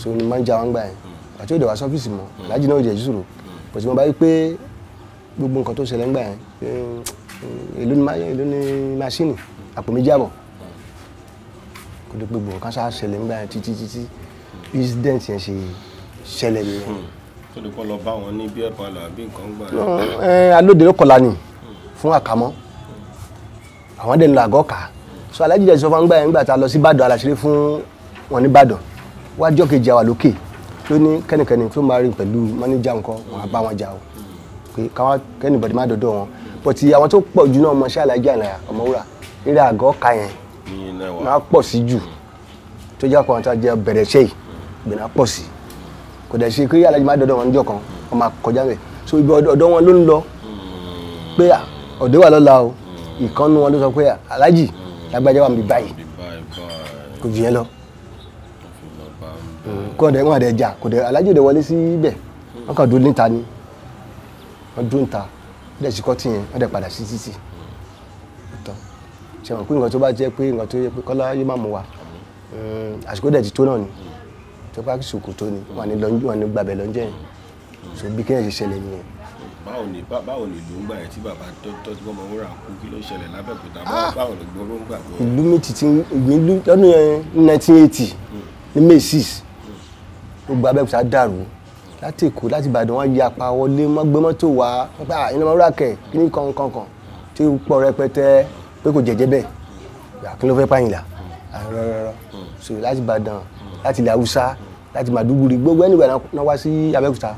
so ni máa ń já wọn gbà yẹn àti òde wá sọ́fíìsì mọ́ aláàjì náà ò jẹ́ ìṣòro kò sí mo bá rí pé gbogbo nǹkan tó ṣẹlẹ̀ ń gbà yẹn eh, èló ni máṣíìnì àpò méjì àbọ̀ kò dé gbogbo nǹkan ṣáà ṣẹlẹ̀ ń gbà yẹn títí títí incident yẹn ṣe ṣẹlẹ̀ nìyẹn. tó lè kọ́ lọ bá wọn ní bí ẹ̀kọ́ àlọ́ àbí nǹkan gbà. Eh, alóde ló kọ̀la ni fún àkàmọ́ àwọn dẹ̀ ń lo àgọ́ kàá so alájì jẹ́ ìsọfún àgbà yẹn nígbà tá a lọ sí ìbàdàn aláṣẹ́rẹ́ fún wọn ní ìbàdàn wájọ́ kejì àwà lókè ló ní kẹ́nìkẹ́nì tó máa rìn pẹ̀lú mánéjà nǹkan wọn á bá wọn jà o pé káwọn kẹ́nìbọ̀dì má dọ̀dọ̀ wọn but àwọn tó pọ̀ jù náà mọṣẹ́ alájì àlàyà ọmọwúrà eré àgọ́ ka yẹn máa pọ̀ sí jù tó jẹ́ àpọ̀n tó jẹ́ bẹ̀rẹ̀ iṣẹ́ yìí gbẹ̀nà pọ̀ sí kò dẹ̀ ṣe pé alájì má dọ̀dọ̀ wọn níjọ́ kan wọn máa kọjá rẹ̀ so ibi ọ̀dọ̀ wọn ló ń lọ pé ọ̀dọ̀ wà lọ́la o ìkànnù wọn ló sọ pé alájì lágbájá wà mí báyìí kò jù yẹn lọ kó ọdẹ wọn àdẹ jà kò dẹ alájò dẹ wọlé síbẹ̀ wọn kàn dún níta ni wọn dún níta wọn dẹ sikọ́ tì yẹn wọn dẹ padà sí títì mm. ṣe mọ̀ pé nǹkan tó bá jẹ́ pé nǹkan tó yẹ pé kọ́lá yóò máa mú wa mm, àsìkò dẹ̀ ti tó náà ni mm. tó bá sòkò tó ni wà ní gbàbẹ̀ yẹn so bí kéèyàn ṣe ṣẹlẹ̀ nìyẹn báwo ni báwo ni ìlú ń gbà yẹn tí bàbá tó ti gbọ́mọ wúrà kú kí ló ṣẹlẹ̀ lábẹ́òkúta ah! báwo ni gbọ́rọ̀ ń gbà yẹn. ìlú méjì ti ìlú lọ́dún yẹn nineteen eighty ní may six gbogbo abẹ́òkúta dàrú láti èkó láti ìbàdàn wọn ya apá wọlé wọn gbé mọ́tò wá wọn pa ah, iná wúrà kẹ̀ kí ní kan kan kan tí ó pọ̀ rẹpẹtẹ pé kò jẹ́jẹ́ bẹ́ẹ̀ kí ló fẹ́ pààyàn là ah, rọrọrọ so láti ìbàdàn láti ilẹ̀ haúsá láti màdúgbùrì gbogbo ẹnìgbà náà wá sí abẹ́òkúta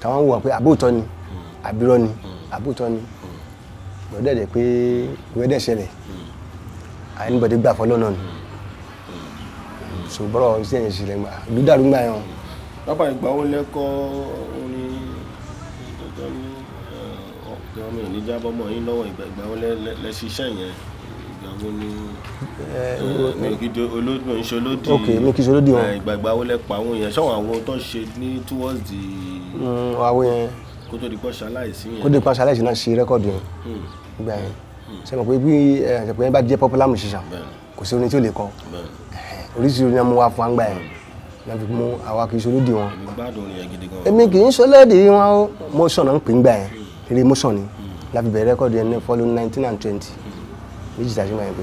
táwọn wò wá pé àbóòtọ́ ni àbírọ́ ni àbútọ́ ni lọ́dẹ̀ dẹ̀ pé wẹ́dẹ̀ ṣẹlẹ̀ anybody gbà fọlọ́ náà ni so bọ́rọ̀ iṣẹ́ yẹn ṣẹlẹ̀ gbà dúdàrú gbà yẹn. bàbá ìgbà wo lẹ́kọ́ orin ìtọ́jọ́ ní eh, ọ̀pẹ ọmọ ìníjà bọ́mọ̀ yín lọ́wọ́ ìgbà wo lẹ́ṣiṣẹ́ yẹn ìgbà wo eh, eh, ok mi kì í ṣe olódì wọn ìgbàgbà wo lẹ pa àwọn yẹn ṣọwọn àwọn tó ṣe ní towards the. Mm, àwọn yẹn kó tó di pọ́ ṣaláìsí yẹn kó tó di pọ́ ṣaláìsí náà ṣe rẹ́kọ̀dù yẹn hmm. gbà yẹn hmm. ṣe mọ̀ pé bí ẹ̀ṣẹ̀pẹ̀ eh, yẹn bá jẹ́ popular musician kò sí orin tí ò lè kọ oríṣiríṣi orin náà mú wá fún wa ń gbà yẹn náà fi mú àwa kì í ṣe olódì wọn èmi kì í ṣe olódì wọn o motion náà ń pè ń gbà yẹn hmm. eré motion ni la fi bẹ̀rẹ̀ rẹ́kọ̀dù yẹn ní fọ́lún nineteen and twenty méjì tàbí mọ̀ yẹn pé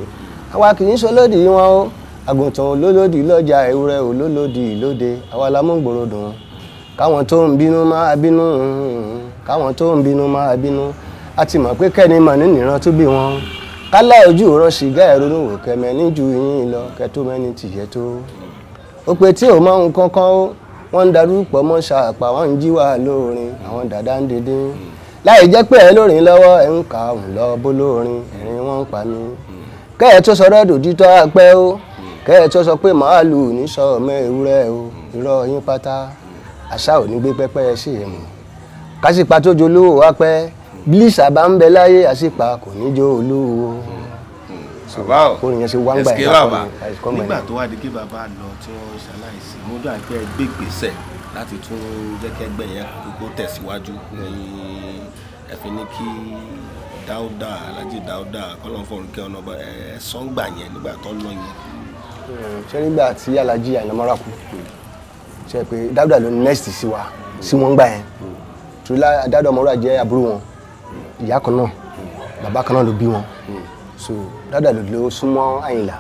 àwa kì í ṣe olódì wọn o àgùntàn olólòdì lọ́jà ewúrẹ́ olólòdì lóde àwa káwọn tó ń bínú máa bínú káwọn tó ń bínú máa bínú a ti mọ̀ pé kẹ́ni mà ní nìran tó bí wọn kálá ojú rọ sìgá ìrònú wò kẹmẹ níjú yín lọ kẹtó mẹni tìyẹ tó ó pé tí ò máa ń kankan ó wọ́n ń darúpọ̀ mọ́ ṣàpà wọ́n ń jíwà lóorin àwọn dàda ń dédé láì jẹ́ pé ẹ lórin lọ́wọ́ ẹ ń kà òun lọ bó lóorin ẹ̀rín wọ́n ń pa mí kẹ́ tó sọ rẹ́dò dítọ́ apẹ́ ó kẹ́ tó sọ pé màálù ní sọ ọmọ ewúrẹ́ o irọ́ yín pátá àṣà ò ní gbé pẹ́pẹ́ ṣe é mu kásìpá tó jo olówó wá pẹ́ bílíṣà bá ń bẹ láyé àṣìpá kò ní jó olówó. bàbá o ẹsìkè bàbá nígbà tó wá di kí bàbá lọ tí wọ́n ṣaláìsí mo dà pé gbé gbèsè láti tún jẹ́ kẹ́gbẹ́ yẹn kókó tẹ̀síwájú ní ẹ̀fín ní kí dáúdà alájí dáúdà kọlọ́fọ̀rùkẹ́ ọ̀nà ẹ̀sán gbà yẹn nígbà tó lọ yẹn. Hmm, ṣé nígbà tí alájí àyìnlá kú ṣe pé dáúdà ló ní next sí wa sí wọn gbà yẹn torí dáúdà ọmọwúrà jẹ́ àbúrò wọn ìyá kan náà bàbá kan náà ló bí wọn so dáúdà ló ló súnmọ́ àyìnlá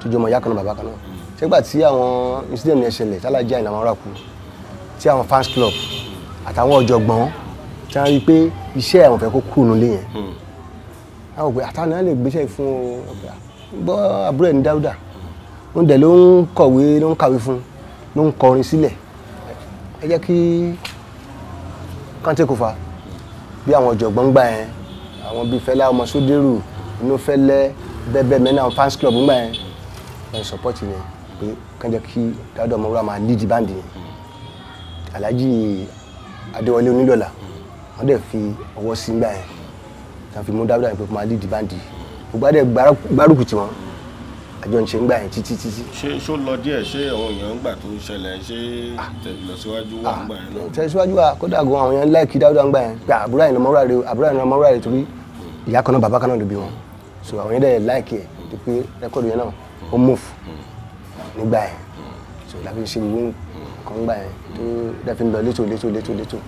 tó jọmọ ìyá kan náà bàbá kan náà ṣẹgbà tí àwọn incident yẹn ṣẹlẹ̀ tálájà àyìnlá ọmọwúrà kú tí àwọn fans club àtàwọn ọ̀jọ̀gbọ́n tí wọ́n rí i pé iṣẹ́ àwọn fẹ́ kó kú nulẹ̀ yẹn àwọn òpè àtàwọn náà lè gbéṣẹ́ fún ọ gbọ́ àbúrò ẹ̀ ní dáúdà ń dẹ̀ ló ń kọ̀wé ló ń kàwé fún un ló ń kọrin sílẹ̀ ẹ jẹ́ kí kántékòfà bí àwọn ọ̀jọ̀gbọ́n gbà yẹn àwọn bíi Fẹlá ọmọ Sódérù inú Fẹlẹ́ bẹ́ẹ̀bẹ́ẹ̀ mẹ́rin àwọn fans club gbà yẹn ẹ̀ support yẹn pé kán jẹ́ kí Dáúdà Ọmọwúrà máa lead band yẹn Alhaji Adéwọlé Onílọ̀lá wọ́n dẹ̀ fi ọwọ́ sí gbà yẹn tàn fi mú Dáúdà yẹn pé kó máa lead band yìí gbogbo àdẹ̀ gbárùkù tiwọn àjọ ṣe ń gbà yẹn títí títí. ṣé ṣó lọ díẹ̀ ṣé àwọn èèyàn ń gbà tó ṣẹlẹ̀ ṣé ah. tẹ̀síwájú wà ń gbà yẹn náà. Ah, tẹ̀síwájú wà kódà gan àwọn èèyàn láìkí dáúdà ń gbà yẹn pé àbúrò àyìnlá mọ́ra rè àbúrò àyìnlá mọ́ra rè torí ìyá kan náà bàbá kan náà ló bí wọn so àwọn èèyàn dẹ̀ láìkí ẹ̀ tó pé rẹ́kọ̀dù yẹn náà ó move nígbà yẹn so láfi ṣe gbogbo nǹkan gbà yẹn tó dẹ́fi ń lọ létò létò létò létò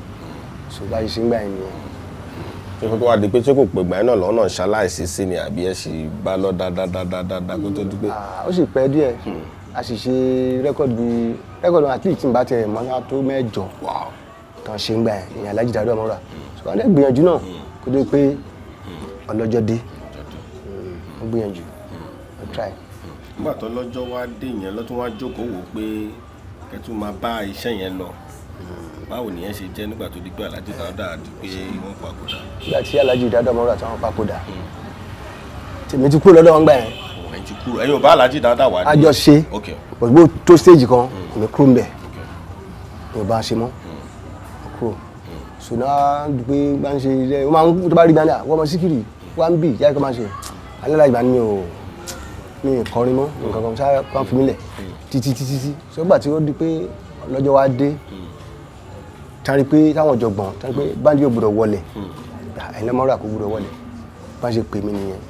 so báyìí ṣe ń gbà yẹn nìyẹn tó tó wá di pé ṣé kò pè gbà ẹ́ náà lọ́nà ṣaláìsí sí ni àbí ẹ̀ sì bá lọ dáadáa kó tó di pé. Ah, ó sì pẹ́ díẹ̀ hmm. a sì ṣe rẹ́kọ̀dì rẹ́kọ̀dì àti ìtìǹbà tiẹ̀ mọ́lá tó mẹ́jọ tán ṣe ń gbà ẹ̀ ìyẹn alájí dàdú ọmọ rà ṣùgbọ́n alẹ́ gbìyànjú náà hmm. kó tó pé hmm. ọlọ́jọ́ dé ó gbìyànjú ó try. nígbà tó lọ́jọ́ wá dé yẹn lọ́tún wá jókòó wò pé kẹ́tù máa bá iṣẹ́ yẹn lọ báwo nìyẹn ṣe jẹ́ nígbà tó di pé aláàjì dáadáa di pé wọ́n papòdà. ìgbà tí aláàjì dáadáa ọmọ rẹ àtàwọn papòdà hmm. tèmi ti kúrò lọ́dọ̀ wọn gbà yẹn. Oh, ẹ̀yin ti kúrò ẹ̀yin ò bá aláàjì dáadáa wà ní. àjọ ṣe òṣùgbò tó stage kan èmi hmm. kúrò ń bẹ̀ mi ò bá a ṣe mọ́ hmm. mo kúrò ṣùnà pé bá ń ṣe rẹ wọ́n máa ń tó bá rí gbani àwọn ọmọ síkìrì wọ́n bì jáde kó máa ṣe alẹ́ ni mi ò mi ò kọrin mọ́ nǹkan kan sáà kan fi mí lẹ̀ títí lọ́jọ́ wa dé tari pé táwọn ọ̀jọ̀gbọ́n tari pé báńdì ò gbọ́dọ̀ wọlé hmm. ẹ̀yin lọ́mọ́rọ́ àkó gbọ́dọ̀ wọlé bá ṣe pè mí nìyẹn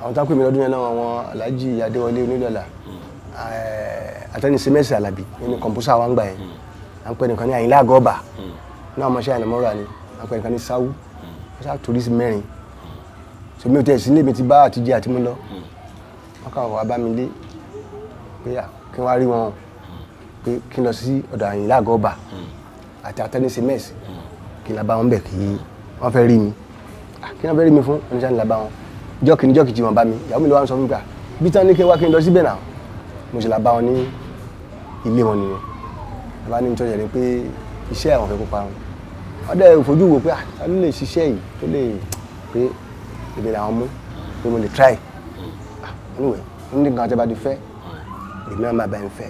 àwọn tá pè mí lọ́dún yẹn náà àwọn Alhaji Adéwọlé Onídọ̀là hmm. àtẹnisẹ mẹsì Alábí nínú kọ̀mpútà wa ń gbà yẹn hmm. à ń pè nìkan ní Àyìnlá Àgọ́ọ̀bà náà ọmọọṣẹ́ àyìnlọ́mọ́rọ́ àní à ń pè nìkan ní sáwú sáà torí sí mẹ́rin so mi ò tẹ̀ ilé mi ti bá àtijọ́ àti mú lọ wọn kà wá àti àtẹnisẹ mẹsì kí n la bá wọn bẹ kí wọn fẹ́ rí mi ah, kí wọn fẹ́ rí mi fún oníṣẹ́ ni la bá wọn jọ́ọ̀kì ní jọ́ọ̀kì tí wọ́n bá mi ìyàwó mi ló wá ń sọ fún mi gbà ah, bí tán ní kí n wá kí n lọ síbẹ̀ náà mo sì la bá wọn ní ilé wọn nìyẹn la bá ní nítorí ẹni pé iṣẹ́ àwọn fẹ́ kó parun wọ́n dẹ̀ fojú wò pé ah, ta ló lè ṣiṣẹ́ yìí tó lè pé èmi làwọn mú pé mo lè try anyway ní nǹkan tí a bá ti fẹ́ èmi náà máa bá ń fẹ́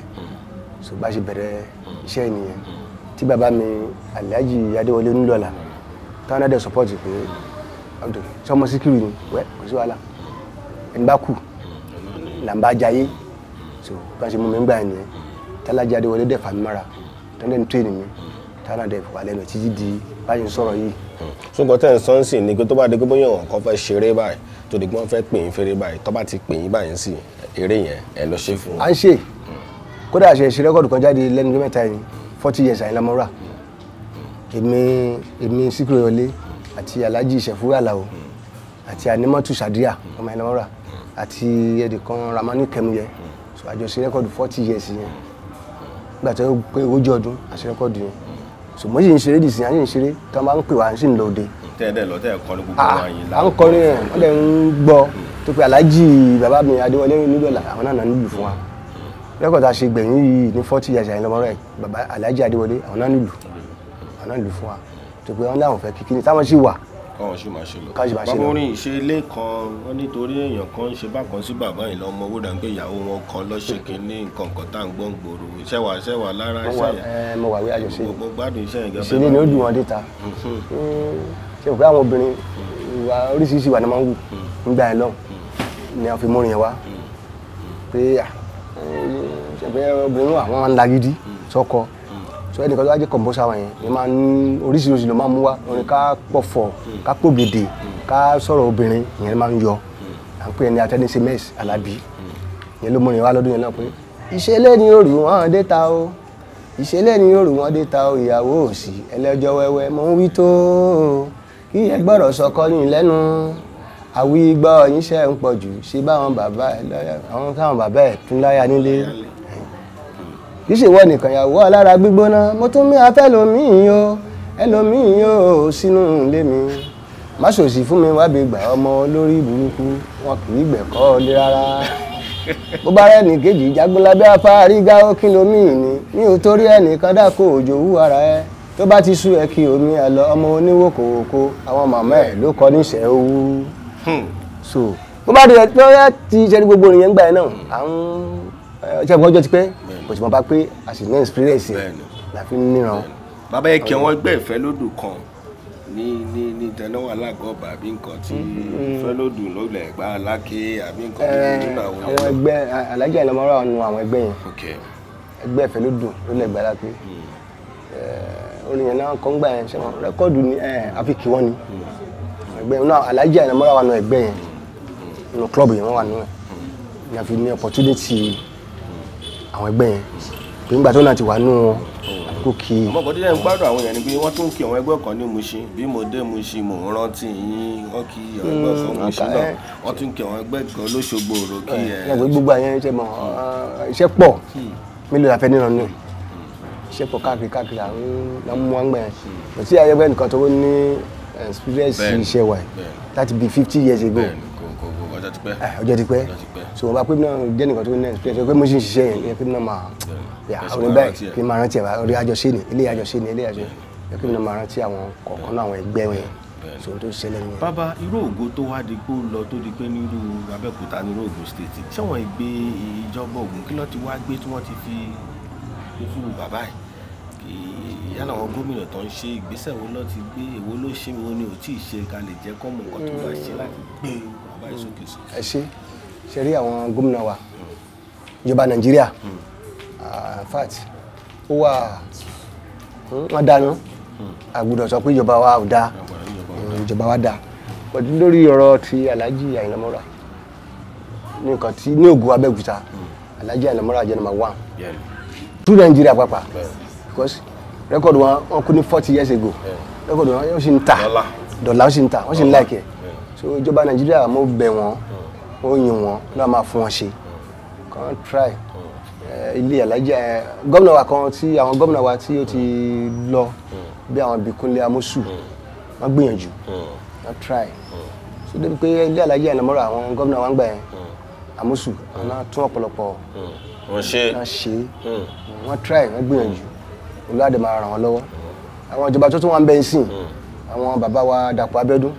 so bá ṣe bẹ̀rẹ̀ iṣẹ́ nìyẹn tí bàbá mi Alhaji Adéwọlé Onílọ́lá táwọn náà dẹ̀ support pé Abdul sọmọ Síkírù ni wẹ́ kò sí wàhálà ẹni bá kù là ń bá jayé so bá ṣe mú mi ń gbà yẹn nìyẹn tálájà Adéwọlé dẹ̀ fà mí mára tọ́ndẹ̀ ní tóyìn mi táwọn náà dẹ̀ wà lẹ́nu títí di báyìí ń sọ̀rọ̀ yìí. sùgbọ́n tẹ̀ ń sọ́n sì ni pé tó bá di pé bóyá ọ̀kan fẹ́ ṣeré báyìí tó di pé wọ́n fẹ́ pè yín fèrè báyìí tó bá ti pè yín báyìí sí eré yẹn ẹ lọ ṣe fún un. à ń ṣe kódà àṣẹ ìṣeré kọ́ọ̀dù kan jáde lẹ́nu mẹ́ta yìí forty years àyìnlá mọ́ra èmi èmi síkúrò yọlé àti alhaji ìṣẹ̀fúrú àlàó àti animatu sadria ọmọ àyìnlá mọ́ra àti ẹ̀dẹ̀kan ramani kẹmuyẹ so àjọṣe rẹ́kọ̀dù forty years yẹn nígbà tó pé ogójì ọdún àṣẹ rẹ́kọ̀dù yẹn so mo sì ń ṣeré dìsìn àyè ń ṣeré tí wọ́n bá ń pè wá sí ń lọ òde. tẹ́ ẹ dẹ́ lọ tẹ́ ẹ kọrin gbogbo wọn yìí láwọn. Ah, à ń kọrin ẹ̀ wọ́n dẹ̀ ń gbọ́ tó pé alhaji bàbá mi adéwọlé nílò àwọn náà náà nílò fún wa rẹ́kọ̀d tá a ṣe gbẹ̀yìn yìí ní forty years àyìn lọ́mọ rẹ̀ bàbá Alhaji Adéwọlé àwọn náà nílùú àwọn náà nílùú fún wa tó pé wọ́n láwọn fẹ́ kí kíni táwọn sì wà. káwọn sì máa ṣe lọ bàbá orin ìṣe ilé kan wọn nítorí èèyàn kan ń ṣe bákan sí bàbá yìí lọmọ owó dà ń pé ìyàwó wọn kan lọ́sẹ̀ kínní nǹkan kan tá à ń gbọ́n gbòòrò ṣẹ́wà ṣẹ́wà lára ṣẹ́yà eh, mo wà wí àjọṣe mo gbádùn iṣẹ́ yẹn hmm. hmm. a fi mú ṣẹ̀fẹ̀ àwọn máa ń lagidi sọ́kọ so tó wá jẹ́ kọ̀m̀bọ́sà wa yẹn ni máa ń oríṣiríṣi ló máa ń mú wa orin ká pọ̀fọ̀ ká pògèdè ká sọ̀rọ̀ obìnrin ìyẹn máa ń yọ à ń pè ní atẹ́nisẹ́ mẹ́sì alábí ìyẹn ló múrin wá lọ́dún yẹn náà pé ìṣẹ̀lẹ̀ ni òrù wọn dé ta o ìṣẹ̀lẹ̀ ni òrù wọn dé ta o ìyàwó òsì ẹlẹ́jọ́ wẹ́wẹ́ mò ń wí tó kí ẹ gbọ́dọ̀ sọkọ ní lẹ́nu àwí gbọ́ yín ṣe ń pọ̀ jù ṣe báwọn bàbá ẹ̀ lọ́yà àwọn táwọn bàbá ẹ̀ tún láyà nílé kì í nìkan yàwó alára gbígbóná mo tún mí afẹ́ lómìn o ẹlòmíì yóò sínú ilé mi má ṣòsì fún mi wábi gbà ọmọ lórí burúkú wọn kì í gbẹ̀kọ́ lé rárá bó bá rẹ́ nìkejì jagunlábẹ́ afárí gáwó kí lomi ni mi ò torí ẹnìkan dákò òjò wú ara ẹ tó bá ti sú ẹ kí omi ẹ lọ ọmọ oníwòkòwòkò àwọn màmá ẹ ló kọ níṣẹ́ owó. Hmm. so bó bá dẹ̀ tó yẹ ti ṣe ní gbogbo ìyẹn gbà yẹn náà à ń ṣe àwọn ọjọ́ ti pẹ́ kò sì mọ̀ bá pé a sì ní experience yẹn la fi ń níran. bàbá yẹn kí àwọn ẹgbẹ́ ìfẹ́ lódò kan ní ní ní tẹnáwó alágọ̀ọ́bà àbí nǹkan tí mm-hmm. ìfẹ́ lódò lọ́lẹ̀ ẹ̀gbá aláké àbí nǹkan tó nínú àwọn ọmọ. ẹgbẹ́ alájà ìlọmọ rà nu àwọn ẹgbẹ́ yẹn ẹgbẹ́ ìfẹ́ lódò lọ́lẹ̀ ẹ̀gbá aláké hmm. orin náà kọ́ ń gbà yẹn ṣe wọn rẹ́kọ́ọ̀dù ni àfi kí wọ́n ni. Hmm ẹgbẹ́ náà alájà ìnáwó wà nù ẹgbẹ́ yẹn nù club yẹn wà nù ẹ̀ ní a fi ní opportunity àwọn ẹgbẹ́ yẹn pé nígbà tó náà ti wà nù wọn kò kí. ọmọ kan dídẹ́ ń gbádùn àwọn èèyàn ni pé wọ́n tún kí àwọn ẹgbẹ́ kan ní Mushin bí mo dé Mushin mò ń rántí yín wọ́n kí àwọn ẹgbẹ́ kan Mushin náà hmm, wọ́n tún kí àwọn ẹgbẹ́ kan lóṣogbo òrò kí hmm, ẹ. ẹ gbé gbogbo àyẹn iṣẹ́ mọ̀ ah, iṣẹ́ pọ̀ hmm. mélòó la fẹ́ nínú ní iṣẹ́ pọ̀ káàkiri káàkiri àwọn ọmọ wọn gbẹ̀ yẹn kò sí ayẹyẹ nìkan tó ní experience iṣẹ́ wa láti bíi fifty years ago ah, ọjọ́ ti pẹ́ so ọba pé náà jẹ́ nìkan tó ní experience pé mo ṣì ń ṣiṣẹ́ yẹn pé náà máa yà àwọn báyìí kí n máa rántí orí àjọṣe ni ilé àjọṣe ni ilé àjọṣe yẹ kí n máa rántí àwọn kọ̀ọ̀kan náà àwọn ẹgbẹ́ wọn so tó ṣẹlẹ̀ nìyẹn. bàbá irú ògo tó wá di pé lọ tó di pé nírú Abẹ́òkúta nírú Ògùn state tí wọ́n gbé ìjọba Ògùn kí ló ti wá gbé tí wọ́n ti fi fún bàbá yìí yálà àwọn gómìnà tó ń ṣe ìgbésẹ̀ wo náà ti gbé èwo ló ṣe wo ni ò tí ì ṣe ká lè jẹ́ kọ́mọ nǹkan tó bá ṣe láti gbé bàbá ìsókè sí. ẹ ṣe ṣe rí àwọn gómìnà wa ìjọba nàìjíríà hmm. ah, in fact ó wà wọn dáná àgbùdọ̀ sọ pé ìjọba wa ò dáa ìjọba wa dáa hmm, pẹ̀lú lórí ọ̀rọ̀ ti alhaji Àyìnlá Ọmọwúrà ní nǹkan tí ní Ògo Abẹ́òkúta hmm. alhaji Àyìnlá jẹ́ nàìjíríà pàápàá because record wọn wọn kú ní forty years ago record wọn yóò sì ń ta dọ̀là ó sì ń ta wọ́n sì ń láìkẹ́ so ìjọba nàìjíríà mo bẹ̀ wọ́n ó yin wọn náà máa fún wọn ṣe kàn try eh, ilé alájà ẹ eh, gómìnà wa kan tí àwọn gómìnà wa tí ó ti lọ bí àwọn Bíkúnlé Amósù wọ́n gbìyànjú wọ́n try so débi pé ilé alájà ẹ̀ lọ́mọ́ra àwọn gómìnà wa ń gbà yẹn Amósù wọn náà tún ọ̀pọ̀lọpọ̀ wọn ṣe wọn try wọn gbìyànjú olùwádìí máa ràn wọ́n lọ́wọ́ àwọn ìjọba tó tún wà ń bẹ ń sìn hmm. àwọn bàbá wa Dàpọ̀ Abẹ́dún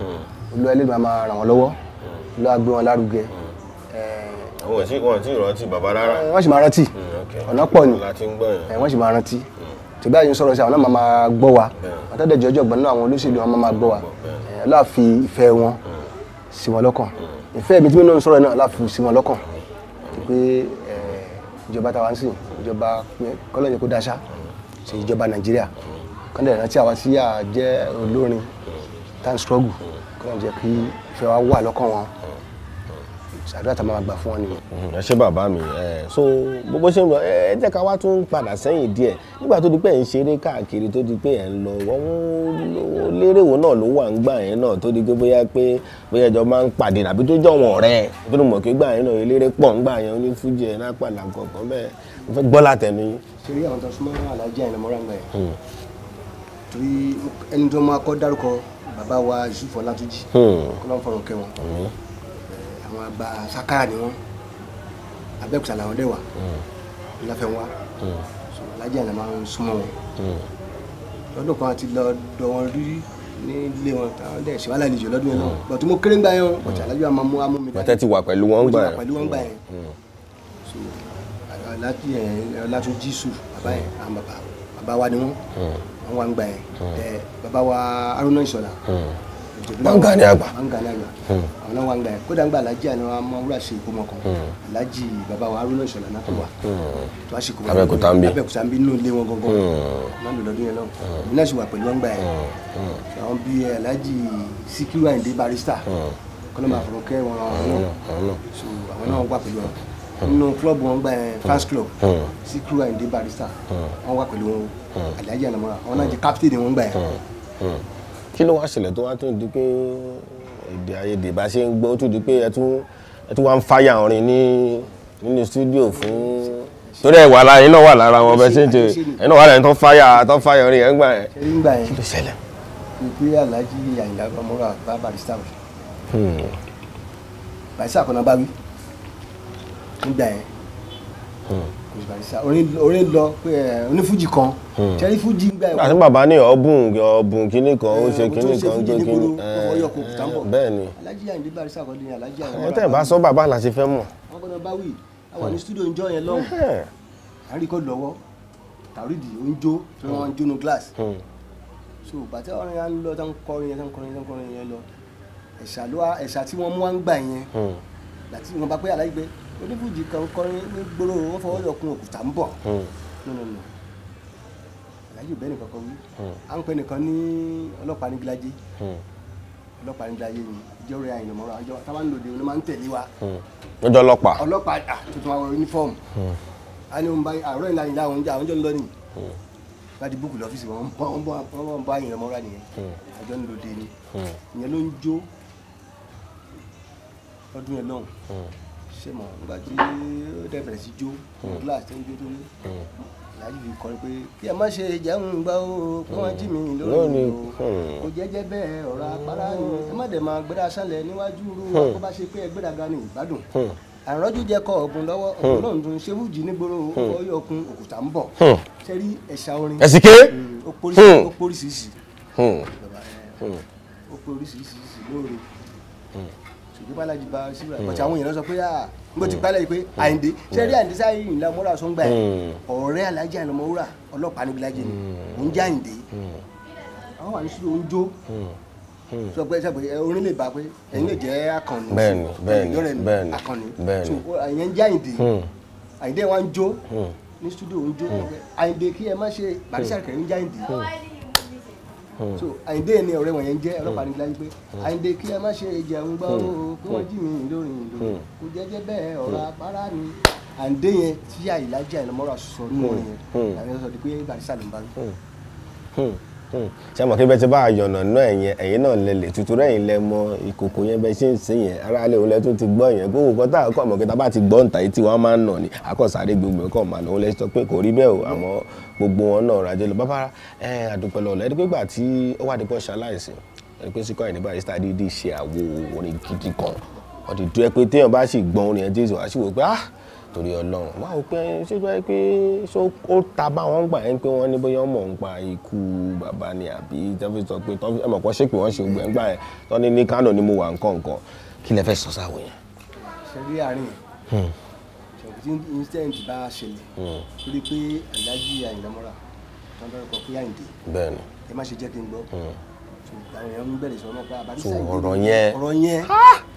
olùwà ilé máa ràn wọ́n lọ́wọ́ hmm. olùwà gbé wọn lárugẹ. àwọn hmm. tí wọn ti rántí bàbá rárá. wọ́n sì máa rántí ọ̀nà pọ̀ ni wọ́n sì máa rántí tí báyìí ń sọ̀rọ̀ sí àwọn náà máa gbọ́ wa àtàdéjọ́ ọjọ́gbọ́n náà àwọn olóṣèlú wọn máa gbọ́ wa ọlá fi ìfẹ́ wọn sí wọn lọ́kàn ìfẹ́ mi tí mi náà ń sọ̀rọ̀ náà ọlá fi wọn lọ́kàn pé ìjọba táwa ń sìn ìjọba kọ́lọ́ọ̀jẹ̀ kó dáṣá ṣe ìjọba nàìjíríà kọ́ńdà ìrántí àwa tí a jẹ́ olórin tá n struggle kọ́ńdà jẹ́ kí ìfẹ́ wa wà lọ́kàn wọn ṣàdúrà tá a máa gbà fún wọn nìyẹn. ẹ ṣé bàbá mi ẹ so gbogbo ṣe ń lọ ẹ jẹ́ ká wá tún padà sẹ́yìn díẹ̀ nígbà tó di pé ẹ̀ ń ṣeré káàkiri tó di pé ẹ̀ ń lọ wọ́n lérèwò náà ló wà ń gbà yẹn náà tó di pé bóyá pé bóyá ẹjọ́ máa ń pàdé àbí tó jọ wọn ọ̀rẹ́ tó mọ̀ pé gbà yẹn náà eléré pọ̀ ń gbà yẹn onífújì ẹ̀ lápàlà kọ̀ọ̀kan bẹ́ẹ̀ mo fẹ́ gbọ́ látẹnu yín. torí àwọn tó súnmọ́ alájà ẹ̀ lọ́mọ́ra náà ẹ̀ hmm. torí ẹni tó máa kọ́ dárúkọ bàbá wa Yusuf Ọlátúnjí hmm. kó lọ́n fọ̀rọ̀ kẹ́ wọn hmm. àwọn àgbà sakara ni wọn Abẹ́òkúta làwọn dẹ̀ wà ńláfẹ́ wa alájà ẹ̀ máa ń súnmọ́ wọn lọ́dún kan àti lọ́dọ̀ wọn rí ní wọn táwọn dẹ̀ ṣe wá lálejò lọ́dún yẹn náà bọ̀tú mo kéré ń yẹn bọ̀tú alájọ́ àmọ́ mú amú mi dáadáa láti ọlátúnjí sùn bàbá yẹn àwọn bàbá bàbá wa ni wọn wọn wà ń gbà yẹn hmm. bàbá wa arúnà ìṣọ̀lá hmm. gbàǹgà ni àgbà gbàǹgà ni àgbà hmm. àwọn náà wà ń gbà yẹn kódà ń gbà alájì àná wọn máa wúrà sí ìkómọ kan alájì bàbá wa arúnà ìṣọ̀lá náà tó wà tó wá sí ìkómọ abẹ́kúta ń bí abẹ́kúta ń bí nínú ilé wọn gangan máa lò lọ́dún yẹn lọ èmi náà sì wà pẹ̀lú wọn gbà yẹn àwọn bíi alájì síkírù àyìndé barista kọ́nà máa fọ̀rọ̀ kẹ́ wọn àwọn náà wà pẹ̀lú wọn. Hmm. nínú club wọn gba hmm. fans club hmm. sí crew àyìndé barista wọn wà pẹ̀lú wọn àjájì ànàmọ́ra wọn náà jẹ́ captain wọn gba yẹn. kí ló wá ṣẹlẹ̀ tó wá tún di pé èdè àìyedè bá ṣe ń gbọ́ ó tún di pé ẹ tún wá ń fáyà orin ní nínú studio fún torí ẹ wà lára iná wà lára wọn bẹ́ẹ̀ ṣe ń ṣe iná wà lára tó fáyà tó fáyà orin yẹn gbà yẹn. kí ló ṣẹlẹ̀. ìpè alájí àyìndá ànàmọ́ra bá barista wẹ̀. barista kọ́nà bá wí nígbà yẹn hmm. orin lọ onífújì kan tẹ́lí hmm. fújì ń gbà àti bàbá ní ọ̀bùn ọ̀bùn kínní kan ó ṣe kínní kan gbé kínní bẹ́ẹ̀ ni. alájí àyìndé barisa kọ́ni alájí àyìndé barisa. wọ́n tẹ̀ bá sọ bàbá là ṣe fẹ́ mọ̀. wọ́n kọ́ni bá wì á ní studio ńjọ́ yẹn lọ́wọ́ àríkọ́ lọ́wọ́ tàrídì ó ń jó tí wọ́n ń jónu glass. Hmm. so bàtẹ́ ọ̀rìn yẹn lọ tán kọrin yẹn tán kọrin tán kọrin yẹn lọ ẹ̀ṣà tí wá ń oníbùjì kan kọrin ní gbóró wọn fọwọ́ yọ kun òkúta ń bọ̀ hmm. nùnùnù aláàjì ò bẹ́ẹ̀ nìkan kan wí hmm. à ń pẹ́ nìkan ní ọlọ́pàá ní gílájé hmm. ọlọ́pàá ní gílájé ni ìjọ rẹ̀ àyìnbó mọ́ra ọjọ́ táwa ń lòdì oní máa ń tẹ̀lé wa. lọ́jọ́ ọlọ́pàá ọlọ́pàá tuntun àwọn uniform a ní òun bá àárọ̀ ìlànà ìlànà òun jẹ́ àwọn jọ ń lọ nìyí láti búùkù lọ́fíìsì wọn wọ́n wọ́n bá àyìnbó mọ́ra nìyẹn àjọ ń lòdì ni ìyẹn ló ń jó ọdún yẹn lọ́hùn ṣe mọ̀ ìgbà tí ó dẹ̀ bẹ̀rẹ̀ sí jó hmm. glass tó ń jó tó ní láti hmm. fi kọrin pé kí ẹ má ṣe jẹun gbá o kí wọ́n hmm. jí mi lónìí o kò jẹ́jẹ́ bẹ́ẹ̀ ọ̀rọ̀ apara ni ẹ má dẹ̀ máa gbéra sálẹ̀ níwájú ru kó bá ṣe pé ẹ gbéraga ní ìgbádùn àrọ́jú jẹ́ kọ ọ̀gùn lọ́wọ́ ọ̀gùn náà ń dun ṣé wújì nígboro ọyọkun òkúta ń bọ̀ ṣe rí ẹ̀ṣà orin ẹ̀sìnké ó póríṣiríṣi ó póríṣiríṣi lóore nípa alájí bá síra bàtí àwọn èèyàn sọ pé ah n kò ti hmm. gbálẹ̀ yìí pé hmm. àyìndé ṣe rí hmm. àyìndé sáyé ìlà mọ́ra sọ́ngbà ẹ̀ ọ̀rẹ́ alájí àyìnlá mọ́ra ọlọ́pàá níbi lájẹ ni òun jẹ́ àyìndé àwọn wà ní sùúrù òun jó sọ pé sọ pé orin lè bá pé ẹ̀yin lè jẹ́ akànnì bẹ́ẹ̀ni bẹ́ẹ̀ni akànnì so àyẹn jẹ́ àyìndé àyìndé wa ń jó ní studio ń jó àyìndé kí ẹ má ṣe bàrísà kẹrin jáde Hmm. so àyíndé ni ọ̀rẹ́ wọ̀nyẹn ń jẹ́ hmm. ọlọ́pàá nígbà yìí pé hmm. àyíndé kí ẹ má ṣe jẹun gbọ́ o kí wọ́n jí mi lórí ìlú kò jẹ́jẹ́ bẹ́ẹ̀ ọ̀rọ̀ apárá ni àyíndé yẹn tí àyílájà ìlọmọ́ra sọ nù yẹn àyíndé sọ di pé Barrister ló ń bá rí. Hmm. ṣe mọ̀ kí bẹ́ẹ̀ ti bá àyànnà náà ẹ̀yìn ẹ̀yìn náà lẹ̀lẹ̀ tuntun ẹ̀yìn lẹ mọ ìkòkò yẹn bẹ́ẹ̀ ṣe ń sìn yẹn ara lè òun lẹ tún ti gbọ́ yẹn gbogbo kan tá a kọ́ àmọ̀kẹ́ta bá ti gbọ́ ǹtà yìí tí wọ́n máa ń nà ní àkọsáré gbogbo ẹ̀kọ́ màá lọ́wọ́ lẹ́sọ pé kò rí bẹ́ẹ̀ o àmọ́ gbogbo wọn náà rajọ lọ bàbá ẹ àdùpẹ̀lọ lẹ́ni pé gbà tí ó wà dípọ̀ ṣaláìsì ẹni pé síkọ́ ìníbà yìí Star Diddy ṣe àwo orin gidi kan ọ̀dìdú ẹ pé téèyàn bá ẹ̀ tí ì torí ọlọ́run wá o pé ṣé bá yẹ pé ó ta báwọn gbà yẹn pé wọ́n ní bóyá ọmọ ń pa ikú bàbá ni àbí tọ́fi sọ pé tọ́fi ẹ̀mọ̀ kan ṣépè wọ́n ṣe gbẹ̀ ń gbà yẹn tọ́ni ní Kánò ni mo wà nǹkan nǹkan kí lẹ fẹ́ sọ sáwọn yẹn. ṣe rí àárín hmm. ṣòkòtì instant bá a ṣẹlẹ̀ hmm. torí pé àyájí àyìnlámọ́ra tó ń dárúkọ fún bẹ́ẹ̀ ni ẹ má ṣe jẹ́ kí n gbọ́ hmm àwọn èèyàn ń bẹ̀rẹ̀ sọ̀rọ̀ pé àbáríṣà ìdè ọ̀rọ̀ yẹn ọ̀rọ̀ yẹn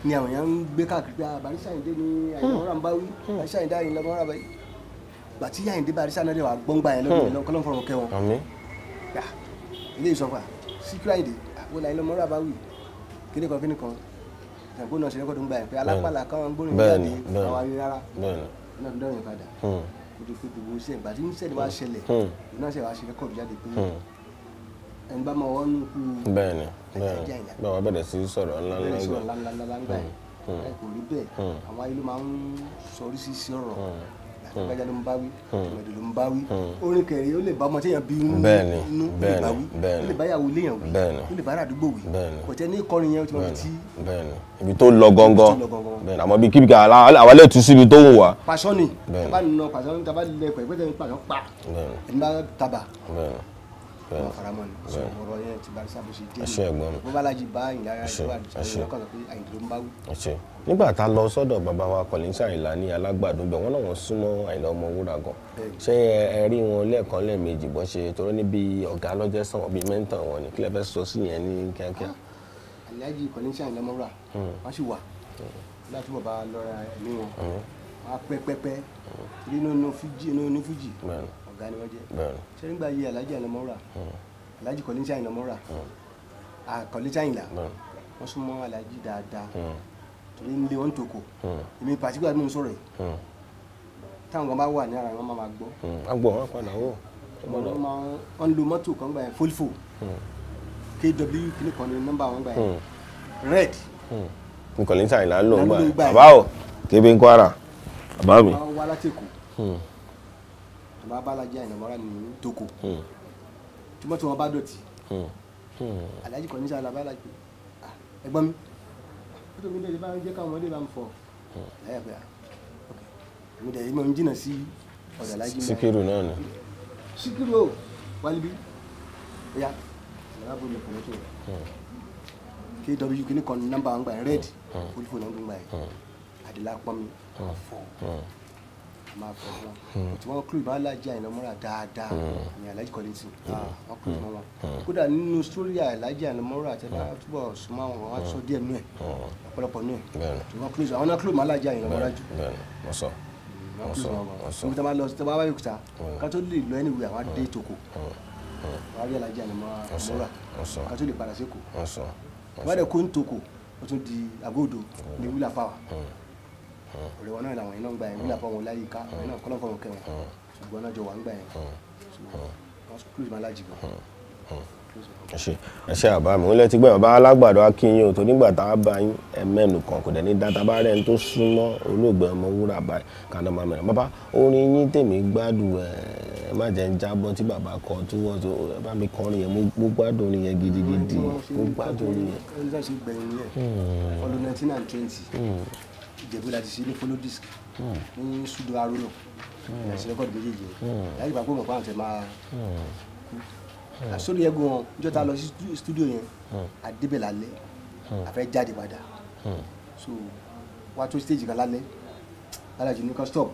ni àwọn èèyàn ń gbé káàkiri pé àbáríṣà ah, ìdè ni àyìnlọ́ra ń bá wí àbáríṣà ìdè àyìnlọ́ra ń bá wí gbàtí àyìndé bàríṣà náà dé wà gbọ́ngbà yẹn lọ́dún yẹn lọ́kọ́ lọ́fọ̀rọ̀ kẹwọn. ilé ìsọfà síkírà ìdè àwọn àyìnlọ́mọ́ra bá wì kéde kan kíni kan ẹ̀gbọ́n náà ṣe rẹ́kọ̀ọ́ tó ń gbà yẹn pé alápàlà kan gbóni jáde àwọn ayé rárá náà dọ́yìn padà kò tó fi iṣẹ́ ìgbà tí ń ṣẹ̀dẹ̀ wá ṣẹlẹ̀ hmm. ìnáṣẹ̀ wá ṣe rẹ́kọ̀ọ́ jáde pé hmm ń bá ma wọ́n nù kú. bẹ́ẹ̀ni bẹ́ẹ̀ni bẹ́ẹ̀ wàá bẹ̀rẹ̀ sí sọ̀rọ̀ ńlá ńlá gbà ńlá ńlá gbà hmm. hmm. ẹ kò rí bẹ́ẹ̀ hmm. àwọn ayé ló máa ń sọ oríṣiríṣi ọ̀rọ̀ àgbàjá ló ń bá wí ìmọ̀dé ló ń bá wí orin kẹrin ó lè bá ọmọ téèyàn bí inú inú ó lè bá wí ó lè bá yàwó léèyàn wí ó lè bá àdúgbò wí kò tẹ́ ní ìkọrin yẹn ó ti mọ̀ tí. ibi tó lọ gangan bẹ́ẹ̀ni àmọ́ bí kíbi kan àwa lè tún síbi tó wù wá. pàṣọ ni tábà nínú pàṣọ ni tábà lẹ pẹ̀lú pẹ̀lú pàṣọ pa ẹ̀ ń bá taba wọn faramọ́ ni sọ ọ̀rọ̀ yẹn ti barisa bó ṣe dé ní bó bá lajì bá ìlara ìjọba àdìsẹ́ ọkọ̀ pé àyè ló ń bá wù. nígbà tá a lọ sọ́dọ̀ bàbá wa Collins Àyìnlá ní alágbàdo bẹ̀ wọ́n náà wọ́n súnmọ́ Àyìnlá Ọmọwúrà gan ṣé ẹ rí wọn lẹ́ẹ̀kan lẹ́ẹ̀mejì bọ́n ṣe torí níbi ọ̀gá lọ́jẹ́ sàn bíi mẹ́ńtà wọn ni kílẹ̀ fẹ́ sọ sí yẹn ní kíákíá. Alhaji Collins Àyìnlá Ọmọwúrà hmm. wọ́n sì wà láti mọ̀ bá lọ́ra ẹ̀mí wọn hmm. wọ́n á pẹ́pẹ́pẹ́ nínú fújì ọ̀gá ni wọ́n jẹ́ ṣé nígbà yìí alájì ànàmọ́ra alájì kọ́lẹ́jì ànàmọ́ra àkọ́lẹ́jì àyìnlá wọ́n súnmọ́ alájì dáadáa torí ń lé wọn tòkò èmi pàtíkùlà mi ń sọ̀rọ̀ yìí táwọn kan bá wà ní ara wọn máa gbọ́. a gbọ́ wọn padà wọ. wọ́n ń lo mọ́tò kan gbà yẹn fólífò kw kìnnì kan ní nọ́mbà wọn gbà yẹn red. nkọ̀lẹ́jì àyìnlá ló ń gbà yẹn àbáwọ̀ kébé ń kọ́ ara àbá mi. wọ́n wá láti èkó hmm tó bá bá alájà ìnàmọ́ra ní toko tí mọ́tò wọn bá dọ̀tí hmm. Hmm. alájì kan ní sàlá bá alájì ẹ̀gbọ́n mi mọ́tò mi dẹ̀ bá jẹ́ káwọn ọmọdé bá ń fọ láyà pé mi hmm. dẹ̀ mọ̀ ń jìnnà sí ọ̀dà alájì náà Síkírù náà nù Síkírù o wálíbí ya ìyára bó mi kò mọ́tò rẹ̀ kw kìíní kan nọ́mbà ń gbà rẹ́ẹ̀dì olùfò náà ń gbà yẹn àdìlá pọ́nmi fọ́ máa fọ ah, fún wọn tí wọn kúrò bá alájà Àyìnlá Ọmọ́wúrà dáadáa ní alájì kọ́lẹ́tì wọn kúrò mọ́ wọn kódà nínú sórí alájà Àyìnlá Ọmọ́wúrà àti ẹ̀dá túbọ̀ súnmọ́ wọn wọn sọ díẹ̀ nú ẹ̀ ọ̀pọ̀lọpọ̀ nú ẹ̀ tí wọn kúrò àwọn náà kúrò mọ́ alájà Àyìnlá Ọmọ́wúrà jù wọn kúrò mm, mọ́ wọn níbi tí wọn lọ sí tọ́ba wáyé òkúta ká tó lè lọ ẹni wí àwọn adé tòkò mm, mm, wọn rí alájà Àyìnlá Ọmọ́wúrà ká tó lè padà sí kò wọn dẹ̀ kó ń tòkò ó tún di àgóòdò ní wílà ọ̀rẹ́ wọn náà làwọn yẹn náà ń gbà mm. yẹn nígbà fọwọn ọláyíká ọ̀rẹ́ mm. náà kọ́lọ́ fọwọn kẹwọn mm. ṣùgbọ́n náà jọ wà ń gbà yẹn wọ́n close máa lájì gan. ẹ ṣe àbá mi ó lẹ́tí gbẹ́ bàbá alágbàdo akínyìn o tó nígbà tá a bá yín ẹ̀mẹ́nu kan kò dẹ̀ ní dáta bá rẹ̀ ń tó súnmọ́ olóògbé ọmọ wúrà báyìí kàná máa mẹ́rin bàbá orin yín tèmi gbádùn ẹ̀ ẹ má jẹ́ ń jábọ́ tí bàbá kọ tó wọ́n tó ẹ bá mi kọrin yẹn mo gbádùn orin yẹn gidigidi mo gbádùn orin yẹn. Hmm. ọdún nineteen and twenty hmm ìjẹ̀bú la ti ṣe ní follow disc hmm. ní sudo arono ìyàsí rẹ́kọ̀dì méjèèjì hmm. láyé ìgbà pé mọ̀ fáwọn tẹ máa kú hmm. sórí ẹgbẹ́ wọn níjọ́ ta lọ sí studio yẹn àdébẹ̀ lálẹ́ àfẹ́ jáde padà so wá tó stage kan lálẹ́ lálẹ́ jù ní kan stop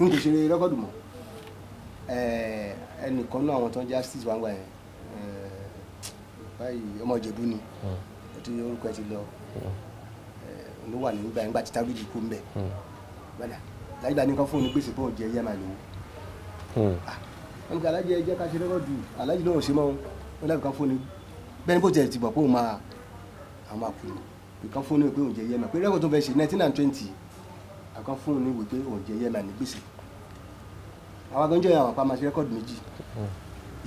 n kò ṣeré rẹ́kọ̀dì mọ́ eh, ẹnìkan náà àwọn tó ń jẹ́ artiste wa ń gbà yẹn eh, báyìí ọmọ ìjẹ̀bú ni ètò orúkọ ẹ ti lọ ló wà nígbà yẹn gba títa rídì kó ń bẹ̀ gbàdà hmm. láyé bá ní kan fún un ní gbèsè bọ́ọ̀ jẹ ẹyẹ máa lò ó hmm. ah, wọn kí alájẹ ẹjẹ ká ṣe rẹ́kọ̀dù alájẹ náà ò ṣe mọ́ wọn lábì kan fún un bẹ́ẹ̀ ni bó tiẹ̀ ti bọ̀ pé òun máa àwọn máa kú ni kan fún pé òun jẹ ẹyẹ máa pé rẹ́kọ̀dù tó fẹ́ ṣe nineteen and twenty àkan fún un ní wípé òun jẹ ẹyẹ máa ní gbèsè àwọn agbẹjọ́ yẹn àwọn apá máa ṣe rẹ́kọ̀dù méjì hmm.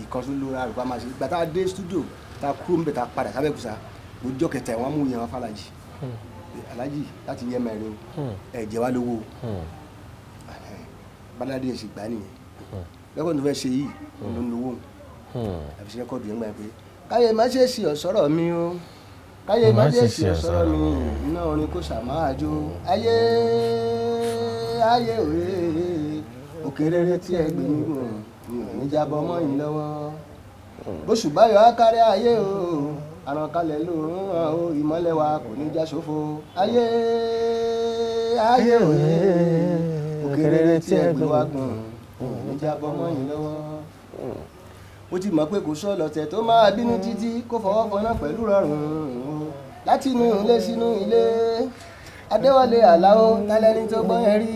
ìkan tó lóra àrùbá máa ṣe gbàtà dé stúdíò ta kúrò ń bẹ̀ ta padà sábẹ́kùsà lójọ́ kẹta wọn mú yẹn wọn fàlàjì aláàjì láti yẹ mẹ́rin o hmm. ẹ̀jẹ̀ wa lówó hmm. bàdàdé èsì gbà nìyẹn hmm. rẹ́kọ̀dù fẹ́ ṣe yìí ló ń lówó àfi ṣe rẹ́kọ̀dù yẹn gbà pé káyé má ṣe sí ọ̀sọ́rọ̀ mi o káyé má ṣe sí ọ̀sọ́rọ̀ mi iná orin kò ṣàmáàjò ayé ayé òye òkèrèrè tí ẹ gbé mi gùn mi ò ní jábọ́ mọ́ yín lọ́wọ́ bóṣù báyọ̀ á kárí ayé o àrànkalẹ̀ ló ń hàn ó ìmọ́lẹ̀ wa kò ní já ṣòfò. ayé ayé òye òkèrèrè tí ẹ gbé wa gùn òun ní jábọ́ mọ́yìn lọ́wọ́. ó ti mọ̀ pé kò sọ lọ́tẹ̀ tó máa bínú títí kó fọwọ́ fọná pẹ̀lú rọrùn láti inú ilé sínú ilé adéwálé àlàó tálẹ́ni tó gbọ́n yẹn rí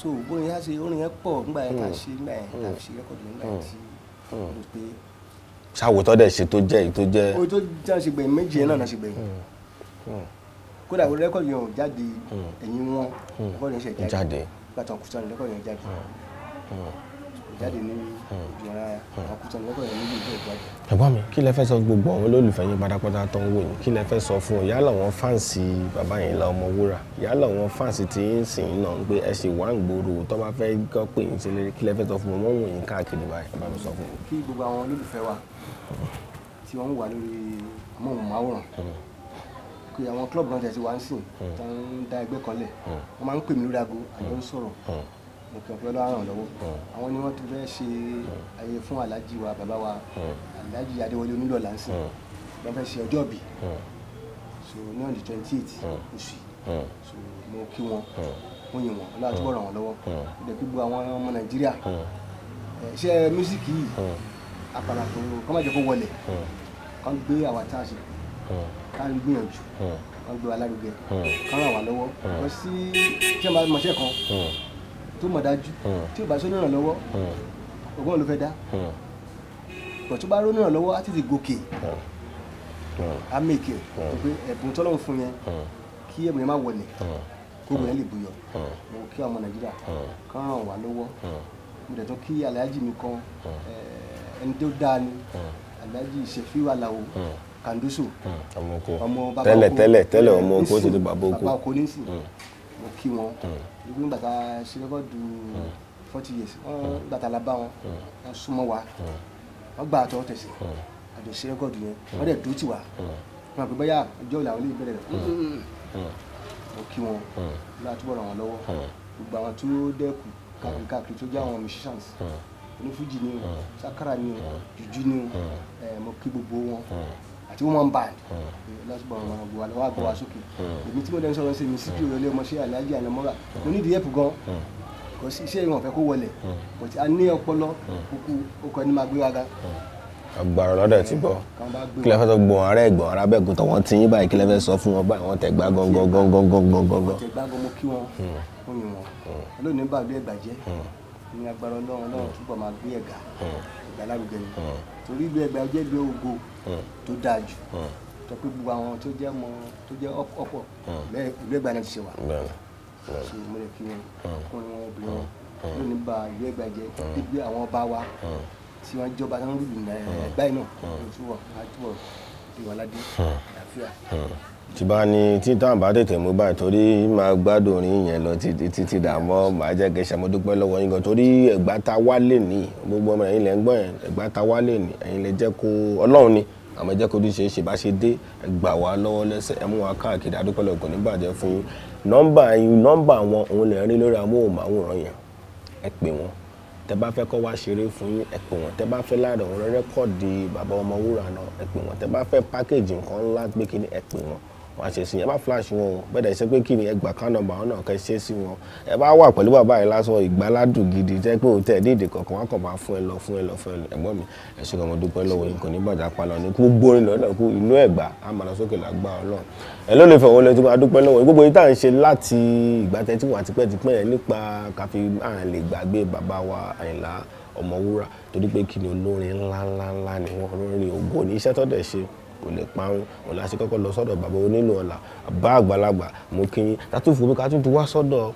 so bóyá ṣe orin yẹn pọ̀ nígbà yẹn tá a ṣe nígbà yẹn tá a ṣe rẹ́kọ̀dù nígbà yẹn tí mo pe ṣàwòtọ́ dẹ̀ ṣe tó jẹ́ èyí tó jẹ́. o tó já ṣègbè méjì náà ṣègbè hmm. hmm. kódà o rẹ́kọ̀dì yẹn ò jáde hmm. ẹ̀yìn wọn rẹ́kọ̀dì yẹn ṣe jáde gbàtàn kùtàn rẹ́kọ̀dì yẹn jáde jáde ní ojú ara hmm. hmm. àkútàn lọ́kọ̀ rẹ̀ níbi ìjọ ìgbàgbọ́. ẹ̀gbọ́n mi kí lẹ fẹ́ sọ gbogbo àwọn olólùfẹ́ yín pátápátá tó ń wò yín kí lẹ fẹ́ sọ fún un yálà wọn fáǹsì bàbá yín la ọmọ wúrà yálà wọn fáǹsì tí ń sìn yín náà ń pé ẹ ṣì wá ń gbòòrò tó bá fẹ́ kọ́ pé yín sílé kí lẹ fẹ́ sọ fún un wọ́n wò yín káàkiri báyìí bá mi sọ fún un. kí gbogbo àwọn olólùfẹ́ wa tí nǹkan fẹ́ lọ́wọ́ ràn hmm. lọ́wọ́ àwọn ni wọ́n ti fẹ́ ṣe ayé fún aláàjì wa bàbá wa hmm. aláàjì adéwọlé onídọ̀là ń sìn hmm. wọ́n fẹ́ ṣe ọjọ́ bì so ní ọ̀dẹ̀ twenty eight oṣù so mo kí wọn mo yìn wọn ọlọ́wọ́ àti bọ̀rọ̀ wọn lọ́wọ́ ìdẹ̀ kí gbogbo àwọn ọmọ nàìjíríà eh, ṣe mísíkì yìí àpàlà tó kọ́ má jẹ́ kó wọlé kọ́ gbé àwàtà ṣe ká ń gbìyànjú kọ́ gbé wa lárugẹ kọ́ ràn wá lọ́wọ́ lọ sí ṣé máa mọ̀ṣẹ́ kan tó mọ̀ dájú hmm. tí ò bá sọ́nà ìrànlọ́wọ́ hmm. ọgbọ́n ló fẹ́ dá hmm. bọ̀ tó bá rónà lọ́wọ́ á tètè gòkè á mèkè tó pé ẹ̀bùn tọ́lọ́run fún yẹn kí ẹ̀bùn yẹn má wọlé kó ẹ̀bùn yẹn lè buyọ̀ mo kí ọmọ nàìjíríà kán ràn wá lọ́wọ́ mo dẹ̀ tó kí aláàjì mi kan eh, ẹni tó dáa ni aláàjì ìṣẹ̀fíw aláwo kàndúsù ọmọ bàbá oko tẹ́lẹ̀ tẹ́lẹ̀ tẹ́lẹ̀ eh, ọmọ oko ti di bàbá oko mo kí wọn ibi ń gbàtà ṣe rẹ́kọ̀dù hmm. forty years wọ́n hmm. gbàtà la bá wọn hmm. wọ́n súnmọ́ wa wọ́n gbà àtọ̀ tẹ̀sí àjọ ṣe rẹ́kọ̀dù yẹn wọ́n dẹ̀ dúró tì wá wọn àgbẹ̀ bóyá ọjọ́ ìlà wọlé ìbẹ̀rẹ̀ rẹ̀ mo kí wọn lọ́wọ́ àtúbọ̀ ràn wọ́n lọ́wọ́ gbogbo àwọn tó dẹ́kù káàkiri káàkiri tó jẹ́ àwọn musicians onífújì ni o sakara ni o jùjú ni eh, mo kí gbogbo wọn àti woman band lọ́sibọ̀ àwọn àgbò àlọ́wọ́ àgbò wa sókè hmm. èmi tí mo dẹ́n sọ̀rọ̀ sí mi sí jùlọ ilé ọmọṣẹ́ aláàjì ànàmọ́ra hmm. mo ní ìdíyẹ́pù gan hmm. kò sí iṣẹ́ ìwọ̀n fẹ́ kó wọlé but a ní ọpọlọ kúkú ó kọ́ ẹni máa gbé wa ga. àgbàrò lọ́dọ̀ ti bọ̀ kí lẹ fẹ́ sọ gbọ̀n ara ẹ̀ gbọ̀n ara bẹ́ẹ̀ gùn tọwọ́n ti yín báyìí kí lẹ fẹ́ sọ fún wọn báyìí wọ́n tẹ̀ gbá gangan gangan gangan gangan. tẹ̀ gbá mo kí wọn fún mi wọn olóòní bàbá ẹ̀ bàjẹ́ ní agbára ọlọ́run ọlọ́run túbọ̀ tó dáa jù tó hmm. pé gbogbo àwọn tó jẹ́ mọ tó jẹ́ ọ̀pọ̀ lẹ́gbàá hmm. náà ti ṣe wà so mo lè fi wọn hmm. kọrin wọn obìnrin wọn ló ní ìlú Ẹ̀gbá jẹ́ gbígbé àwọn ọba wa tí wọ́n jọba tó ń lùlù eh, náà ló túbọ̀ á túbọ̀ ìwàládé àlàáfíà tí bá ní tí tá bá tètè mú báyìí torí máa gbádùn orin yẹn lọ títí dààmú màá jẹ́ kí ṣàmódúpẹ́ lọ́wọ́ yín gan torí Ẹ̀gbá tá wá lè ní gbogbo ọmọ ẹ̀yin lẹ́ ń gbọ́ yẹn Ẹ̀gbá tá wá lè ní ẹ̀yin lẹ́ jẹ́ kó Ọlọ́run ni àmọ́ jẹ́ kó dín ṣe é ṣe bá ṣe dé gbà wá lọ́wọ́ lẹ́sẹ̀ ẹ mú wa káàkiri adúpẹ́lẹ̀ kò ní bàjẹ́ fún yín nọ́mbà yín nọ́mbà wọn òun lè rí lórí amóhùnmáwòrán yẹn ẹ pè wọ́n tẹ bá fẹ́ kọ́ wá ṣeré fún yín ẹ pè wọ́n tẹ bá fẹ́ láàrin òun rẹ́kọ̀dì bàbá Ọmọwúrà náà ẹ pè wọ́n tẹ bá fẹ́ pákéjì nǹkan ńlá gbé kínní ẹ pè wọ́n wọn á ṣe sí yẹn bá flash wọn o bẹ́ẹ̀ ṣe pé kí ni ẹgbà kan nọ́mbà wọn náà ṣe sí wọn ẹ bá wà pẹ̀lú bàbá yìí lásán ìgbàládùn gidi jẹ́ pé òun tẹ̀ ní èdè kọ̀ọ̀kan wọn kàn máa fún ẹ lọ fún ẹ lọ fún ẹ lọ ẹ̀gbọ́n mi ẹ ṣe kàn mọ́ dúpẹ́ lọ́wọ́ yín ní bàjá palọ̀ ní kú gbórin lọ́dọ̀ kú ìlú ẹ̀gbà á máa lọ sókè lágbá ọlọ́run ẹ ló wọn àti kò lè parun ọ̀la ṣe kọ́kọ́ lọ sọ́dọ̀ bàbá onílù ọ̀la bá àgbàlagbà mú kíyín tátú fún mi ká tún ti wá sọ́dọ̀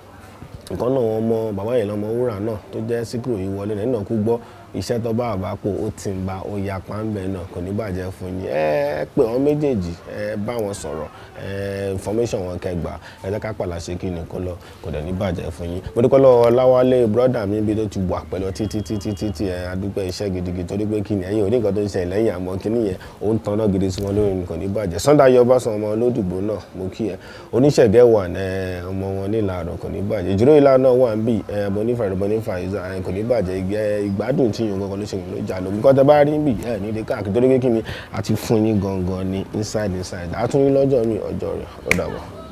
nǹkan náà wọn bàbá yẹn lọmọ wúrà náà tó jẹ́ síkúrò yìí wọlé nínú ọkú gbọ́ iṣẹ́ tó bá bá pò ó ti ń ba ó ya pàǹbẹ̀ náà kò ní bàjẹ́ fún yín ẹ ẹ pé wọn méjèèjì ẹ bá wọn sọ̀rọ̀ ẹ information wọn kẹgbà ẹ jẹ́ ká pàlà ṣe kí nìkan lọ kò dẹ̀ ní bàjẹ́ fún yín mo dúpẹ́ lọ́wọ́ láwálé brọ́dà mi bí tó ti wà pẹ̀lú títí títí títí ẹ adúpẹ́ iṣẹ́ gidigidi torí pé kí ni ẹ̀yin òní nǹkan tó ń ṣe lẹ́yìn àmọ́ kí nìyẹn ó ń tanná gidi sí wọn lórí nìkan ní bàjẹ́ Sunday ayọ̀ bá san ọmọ olódìbò náà mo kí ẹ oníṣẹ̀gẹ́ wà ẹ ọmọ wọn nílànà kò ní bàjẹ́ ìjíròrò ìlànà wà ń bì sí yín gangan ló ṣe yín ló jà lógún kọ́tẹ́ bá rí níbí ẹ̀ nílé káàkiri torí pé kí ni àti fún yín gangan ní inside inside àtúnyìn lọ́jọ́ mi ọjọ́ rẹ̀ ó dàbọ̀.